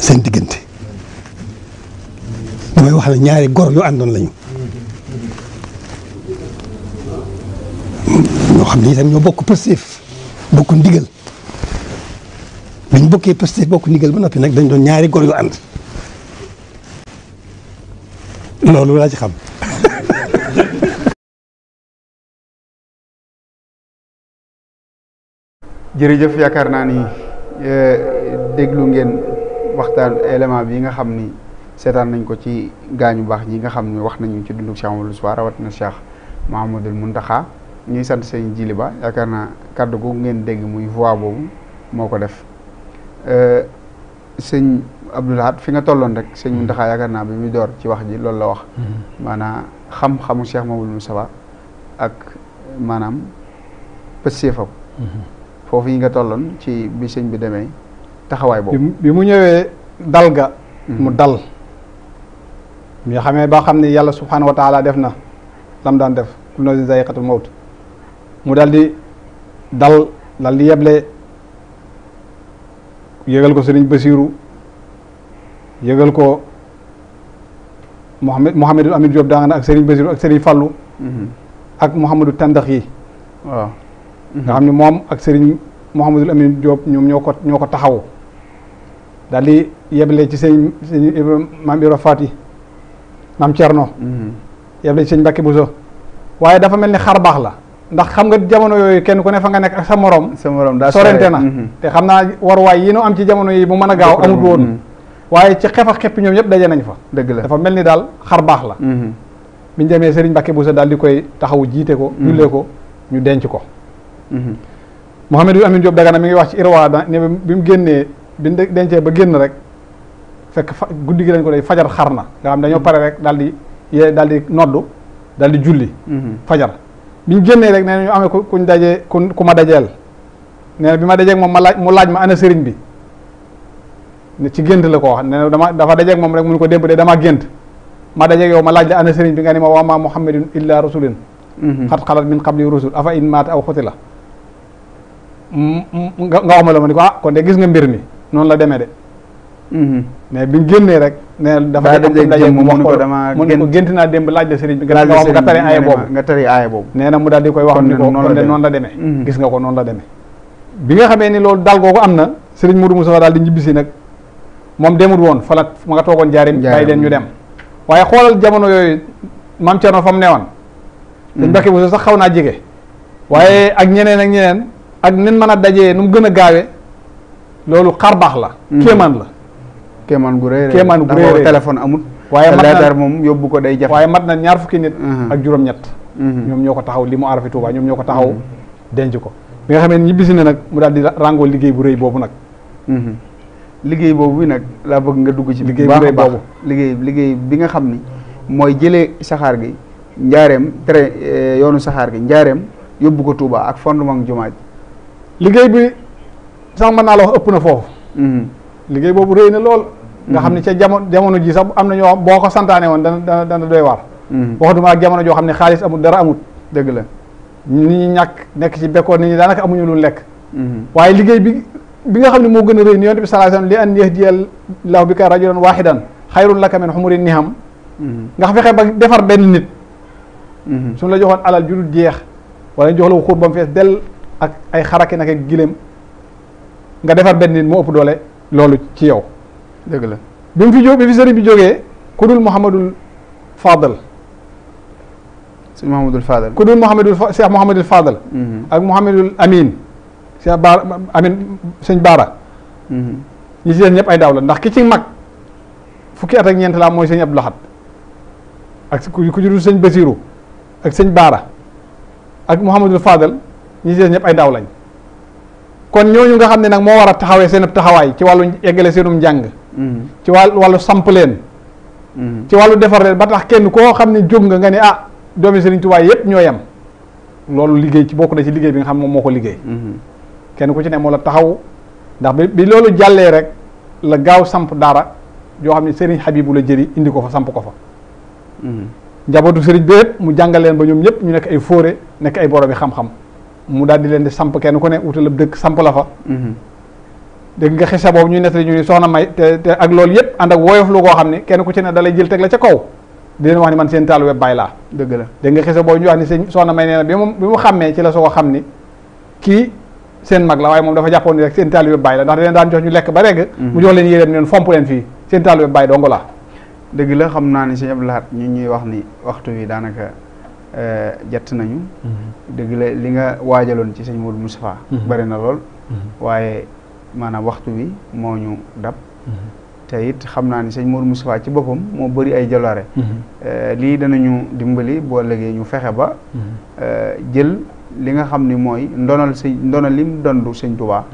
seen diggante. damay wax ne ñaari gor yu àndoon lañu ñoo xam ne ñoo bokk positif bokk ndigal bi bokkee positif bokk ndigal ba noppi nag dañ doon ñaari gor yu ànd loolu laa xam. jërëjëf yaakaar naa ni eh, déglu ngeen waxtaan élément bi nga xam ni. seetaan nañ ko ci gaañu baax ñi nga xam ne wax nañu ci dundu Cheikh Amadou Sow rawatina Cheikh Mahamadul Muntaxa ñuy sant sëñ Jili Ba yaakaar naa kàddu googu ngeen dégg muy voix boobu moo ko def euh, sëñ Abdou fi nga tolloon rek sëñ Muntaxa mm-hmm. yaakaar naa bi muy door ci wax ji loolu la wax mm-hmm. maanaam xam-xamu Cheikh Mamadou Moustapha ak maanaam pësséefam mm-hmm. foofu yi nga tolloon ci bi sëñ bi demee taxawaay boobu bi mu ñëwee dal ga mu dal ñu xamee ba xam ne yàlla subhaanahu wa def na lam daan def kullu nafsin zaa'iqatul mawt mu dal di dal dal di yeble yëgal ko sëriñ Basiiru yëgal ko Mouhamed Mouhamedou Amin Diop daanga ak sëriñ Basiiru ak sëriñ Fallu mhm. ak Mouhamadou Tandax yi waaw nga xam ne moom ak sëriñ Mouhamadou Amin Diop ñoom ñoo ko ñoo ko taxaw daal yeble ci sëriñ sëriñ Faati maam Thierno. Mhm. yëpp lañ sëñ Mbacke Bousso. waaye dafa mel ni xar baax la. ndax xam nga jamono yooyu kenn ku ne fa nga nekk ak sa morom. sa morom daa sorente na. Mhm. te xam naa waruwaay yi nu am ci jamono yi bu mën a gaaw amut woon. Mhm. waaye ci xef ak xeppi ñoom yëpp daje nañ fa. dëgg la dafa mel ni daal xar baax la. biñ demee Serigne Mbacke Bousso daal di koy taxawu jiite ko. jullee ko ñu denc ko. Mouhamadou Amine Diop na mi ngi wax ci Irwa ne bi mu génnee bi dencee ba génn rek. fekk guddi gi lañ ko dee fajar xar na nga xam dañoo pare rek dal di daal di noddu dal di julli mhm. fajar bi ñu génnee rek nee ñu amee ku kuñ dajee ku ku ma dajeel nee bi ma dajeeg moom ma laaj mu laaj ma ana sëriñ bi ne ci gént la ko wax nee na dama dafa dajeeg moom rek mu ne ko démb de damaa gént ma dajeeg yow ma laaj la ana sëriñ bi nga ni ma waama muhammadun illa rasulin xat mhm. xalat min qabli rusul afa in maata aw xutila nga wax la ma ni ko ah kon de gis nga mbir mi noonu la demee de Mhm. mais bi ñu génnee rek. nee dafa nekk daje mu wax ko dama mun ko gént naa démb laaj la bi. laaj la sëriñ bi nga tari aaye boobu nga tari aaye boobu. nee mu daal di koy wax ni ko noonu la demee. Mhm. gis nga ko noonu la demee. bi nga xamee ni loolu daal ko am na sëriñ Mourou Moussa daal di ñibbisi nag moom demut woon falat ma nga toogoon jaarim bàyyi leen ñu dem waaye xoolal jamono yooyu maam Thierno fa mu newoon. dañ mhm. Mbacke Bousso sax xaw naa jege. waaye ak ñeneen ak ñeneen ak nin mën a dajee nu mu gën a gaawee loolu xar baax la kéemaan la kéemaan gu rëy kéemaan gu rëy amul waaye moom yóbbu ko day jafe waaye mat na ñaar fukki nit mhm. ak juróom-ñett mhm. ñoom ñoo ko taxaw li mu aarafi Touba ñoom ñoo ko taxaw mhm. denc ko bi nga ne ñibbisi na nag mu daal di ràngoo liggéey bu rëy boobu nag liggéey boobu nag laa bëgg nga dugg ci liggéey bu boobu liggéey liggéey bi nga xam ni mooy jële saxaar gi njaareem train eh, yoonu saxaar gi njaareem yóbbu ko Touba ak fondement jumaa ji liggéey bi sax mën naa la wax ëpp na foofu liggéey boobu rëy na lool. nga xam ne mhm. ca jamono jamono ji sax am na ñoo xam boo ko santaane woon dana dana dana doy waar. Mhm. waxatuma ak jamono joo xam ne xaalis amut dara amut dëgg la nit ñi ñàkk nekk ci bekkoor nit ñi daanaka amuñu lu lekk. Mhm. waaye liggéey bi bi nga xam ne moo gën a rëy ni yonent bi sallallahu alayhi wasallam li an yahdiya lahu bika rajulan wahidan xayrun laka min humuri niham nga fexe ba defar benn nit. suñu la joxoon alal ju dul jeex wala ñu jox la xur ba mu fees dell ak ay xaraki nag ak gileem nga defar benn nit moo ëpp doole. loolu ci yow. dëgg la bi mu fi jóg bi fi sëriñ bi jógee ku dul Mouhamadul Fadal. si Mouhamadul Fadal ku dul Mouhamadul Fa Cheikh Mouhamadul Fadal. Mm-hmm. ak Mouhamadul Amin. Cheikh Baara Amin sëñ Baara. Mm-hmm. ñi si seen ñëpp ay daaw la ndax ki ci mag fukki at ak ñeent laa mooy sëñ Abdou ak ku ku jur sëñ Basiru ak sëñ Baara ak Mouhamadul Fadal ñi si seen ñëpp ay daaw lañ. kon ñooñu nga xam ne nag moo war a taxawee seen taxawaay ci wàllu eggale seenum njàng mm-hmm. ci wàllu wàllu samp leen mm-hmm. ci wàllu defar leen ba tax kenn koo xam ne jóg nga nga ne ah doomi Sëriñ Tuubaa yépp ñoo yem loolu liggéey ci bokk na ci liggéey bi nga xam moom moo ko liggéey mm-hmm. kenn ku ci ne moo la taxaw ndax bi bi loolu jàllee rek la gaaw samp daara yoo xam ne Sëriñ Xabibu la jëri indi ko fa samp ko fa njabootu sëriñ bi mu jàngal leen ba ñoom ñëpp ñu nekk ay fóore nekk ay boromi xam-xam mu daal di leen di samp kenn ku ne wutal ab dëkk samp la fa mm-hmm. dégg nga xisa boobu ñu nettali ñu ni soxna may te te ak loolu yëpp ànd ak woyof lu koo xam ne kenn ku ci ne da lay jël teg la ca kaw di leen wax ni man seen taal web bàyyi laa dëgg la dégg nga xisa boobu ñu wax ni seen soxna may nee na bi mu bi mu xàmmee ci la soo ko kii seen mag la waaye moom dafa jàppoon ni rek seen taal web bàyyi la ndax da leen daan jox ñu lekk ba regg mm-hmm. mu jox leen yéreem neen fomp leen fii seen taal web bàyyi dongo la dëgg la xam naa ni sëñ Abdou Lahad ñu ñuy wax ni waxtu wi daanaka Eh, jett nañu. Mm-hmm. dëgg la li nga waajaloon ci sëñ Modou Moustapha. Mm-hmm. bari na lool. Mm-hmm. waaye maanaam waxtu wi moo ñu dab. te it xam naa ni sëñ Modou Moustapha ci boppam moo bari ay jaloore. Eh, lii danañu dimbali boo léegi ñu fexe ba. Eh, jël li nga xam ni mooy ndonal sëñ ndonal lim dondu sëñ Tuubaa.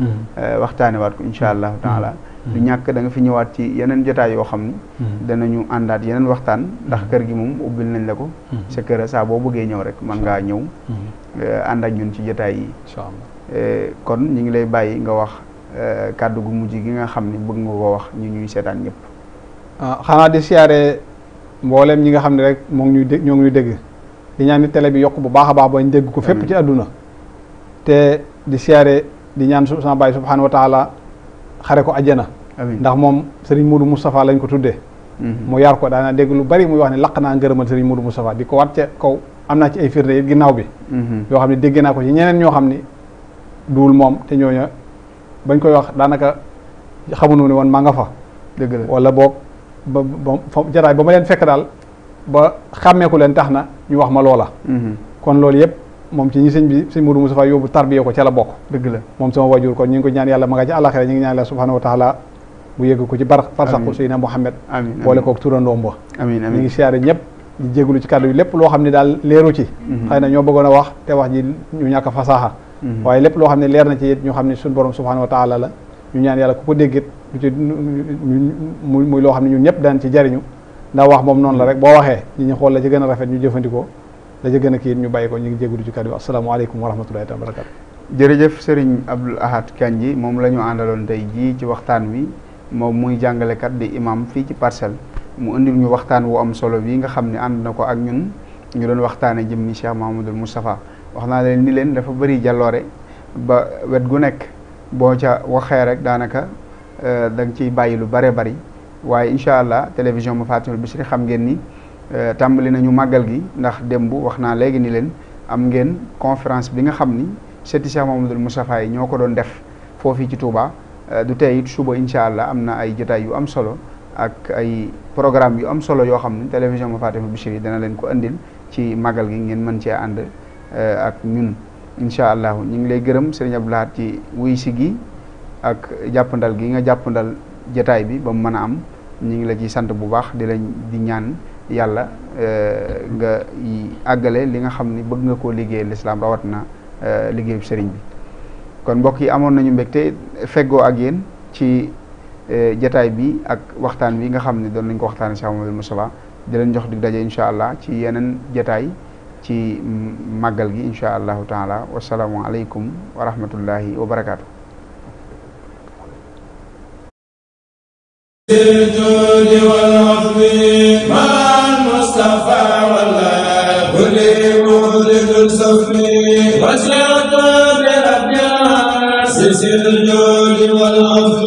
waxtaane waat ko incha allahu taala du ñàkk da nga fi ñëwaat ci yeneen jotaay yoo xam ni hmm. danañu àndaat yeneen waxtaan ndax hmm. kër gi moom ubbil nañ la ko hmm. sa kër saa boo bëggee ñëw rek mën ngaa ñëw eh, ànd ak ci jotaay yi eh, kon ñu ngi lay bàyyi nga wax eh, kàddu gu mujj gi nga xam ni bëgg nga ko wax ñu ñuy seetaan ñëpp ah, xanaa di siyaare mbooleem ñi nga xam ne rek moo ñu dégg ñoo ñu dégg di ñaan ni bi yokk bu baax a baax bañ dégg ko fépp ci àdduna te di siyaare di ñaan sama bàyyi subhanahu xare ko ajjana ndax moom sëriñ Moudou Moustapha lañ ko tuddee mhm. mu yar ko daanaa dégg lu bari muy wax ne laq naa ngërëmal sëriñ Moudou Moustapha di ko wat ca kaw am naa ci ay firnde it ginnaaw bi mhm. yoo xam ne dégg naa ko ci ñeneen ñoo xam ni duul moom te ñooña bañ koy wax daanaka xamuñu ne woon maa nga fa dëgg la wala boo ba ba jataay ba ma leen fekk daal ba xàmmeeku leen tax na ñu wax ma loola mhm. kon loolu yëpp moom ci ñi sëñ bi sëñ Modou Moustapha yóbbu tarbiya ko ca la bokk dëgg la moom sama wajur kon ñu ngi ko ñaan yàlla ma nga ci àlaxira ñu ngi ñaan yàlla subhanahu wa taala bu yëgg ko ci bar farsaxu Seydina Mouhamed boole kook turandoom ba amiin ñu ngi siyaare ñëpp di jégalu ci kàddu yi lépp loo xam ne daal leeru ci mm-hmm. xëy wax te wax ji ñu ñàkk fasaxa mm-hmm. waaye lépp loo xam ne leer na ci it ñu xam ne suñu borom subhanahu wa taala la ñu ñaan yàlla ku ko déggit lu ci muy loo xam ne ñun ñëpp daan ci jariñu ndax wax moom noonu la rek boo waxee ñi ñu xool la ci gën a ñu jëfandikoo la ca gën a kii ñu bàyyi ko ñu ngi jégalu ci kàddu asalaamaaleykum wa rahmatullahi wa barakatu jërëjëf sëriñ Abdoul Ahad ji moom la ñu àndaloon tey jii ci waxtaan wi moom muy jàngalekat di imam fii ci parcelle mu indil ñu waxtaan wu am solo bii nga xam ne ànd na ko ak ñun ñu doon waxtaane jëm ni Cheikh Mahamadul Moustapha wax naa leen ni leen dafa bëri jalloore ba wet gu nekk boo ca waxee rek daanaka euh, da nga ciy bàyyi lu bare bari waaye incha allah télévision ma fatimul Bichri xam ngeen ni Euh, tàmbali nañu màggal gi ndax démb wax naa léegi ni leen am ngeen conférence bi nga xam ni sëti Cheikh Mamadou Moustapha yi ñoo ko doon def foofii ci Touba euh, du tey it suba incha allah am na ay jotaay yu am solo ak ay programme yu am solo yoo xam ne télévision ma Fatima Bichri yi dana leen ko andil ci màggal gi ngeen mën cee ànd euh, ak ñun incha allah ñu ngi lay gërëm sëriñ Abdou ci wuy si gi ak jàppandal gi nga jàppandal jotaay bi ba mu mën a am ñu ngi la ciy sant bu baax di lañ di ñaan yàlla euh, nga àggale li nga xam ni bëgg nga koo liggéey lislaam rawat na euh, liggéeyu sëriñ bi kon mbokk yi amoon nañu mbégte feggoo ak yéen ci euh, jataay bi ak waxtaan wi nga xam ne doon nañ ko waxtaane Cheikh Mouhamadou Moustapha di leen jox di daje incha allah ci yeneen jataay ci màggal gi incha allahu taala wasalaamu aleykum wa rahmatullahi wa barakaatu. الجود والعفو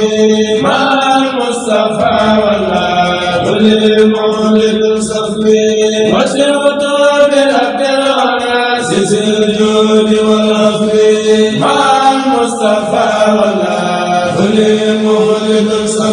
مع المصطفى والآل والمولد صفي وسرت برد العناس الجود والعفو مع المصطفى والآل والمولد صفي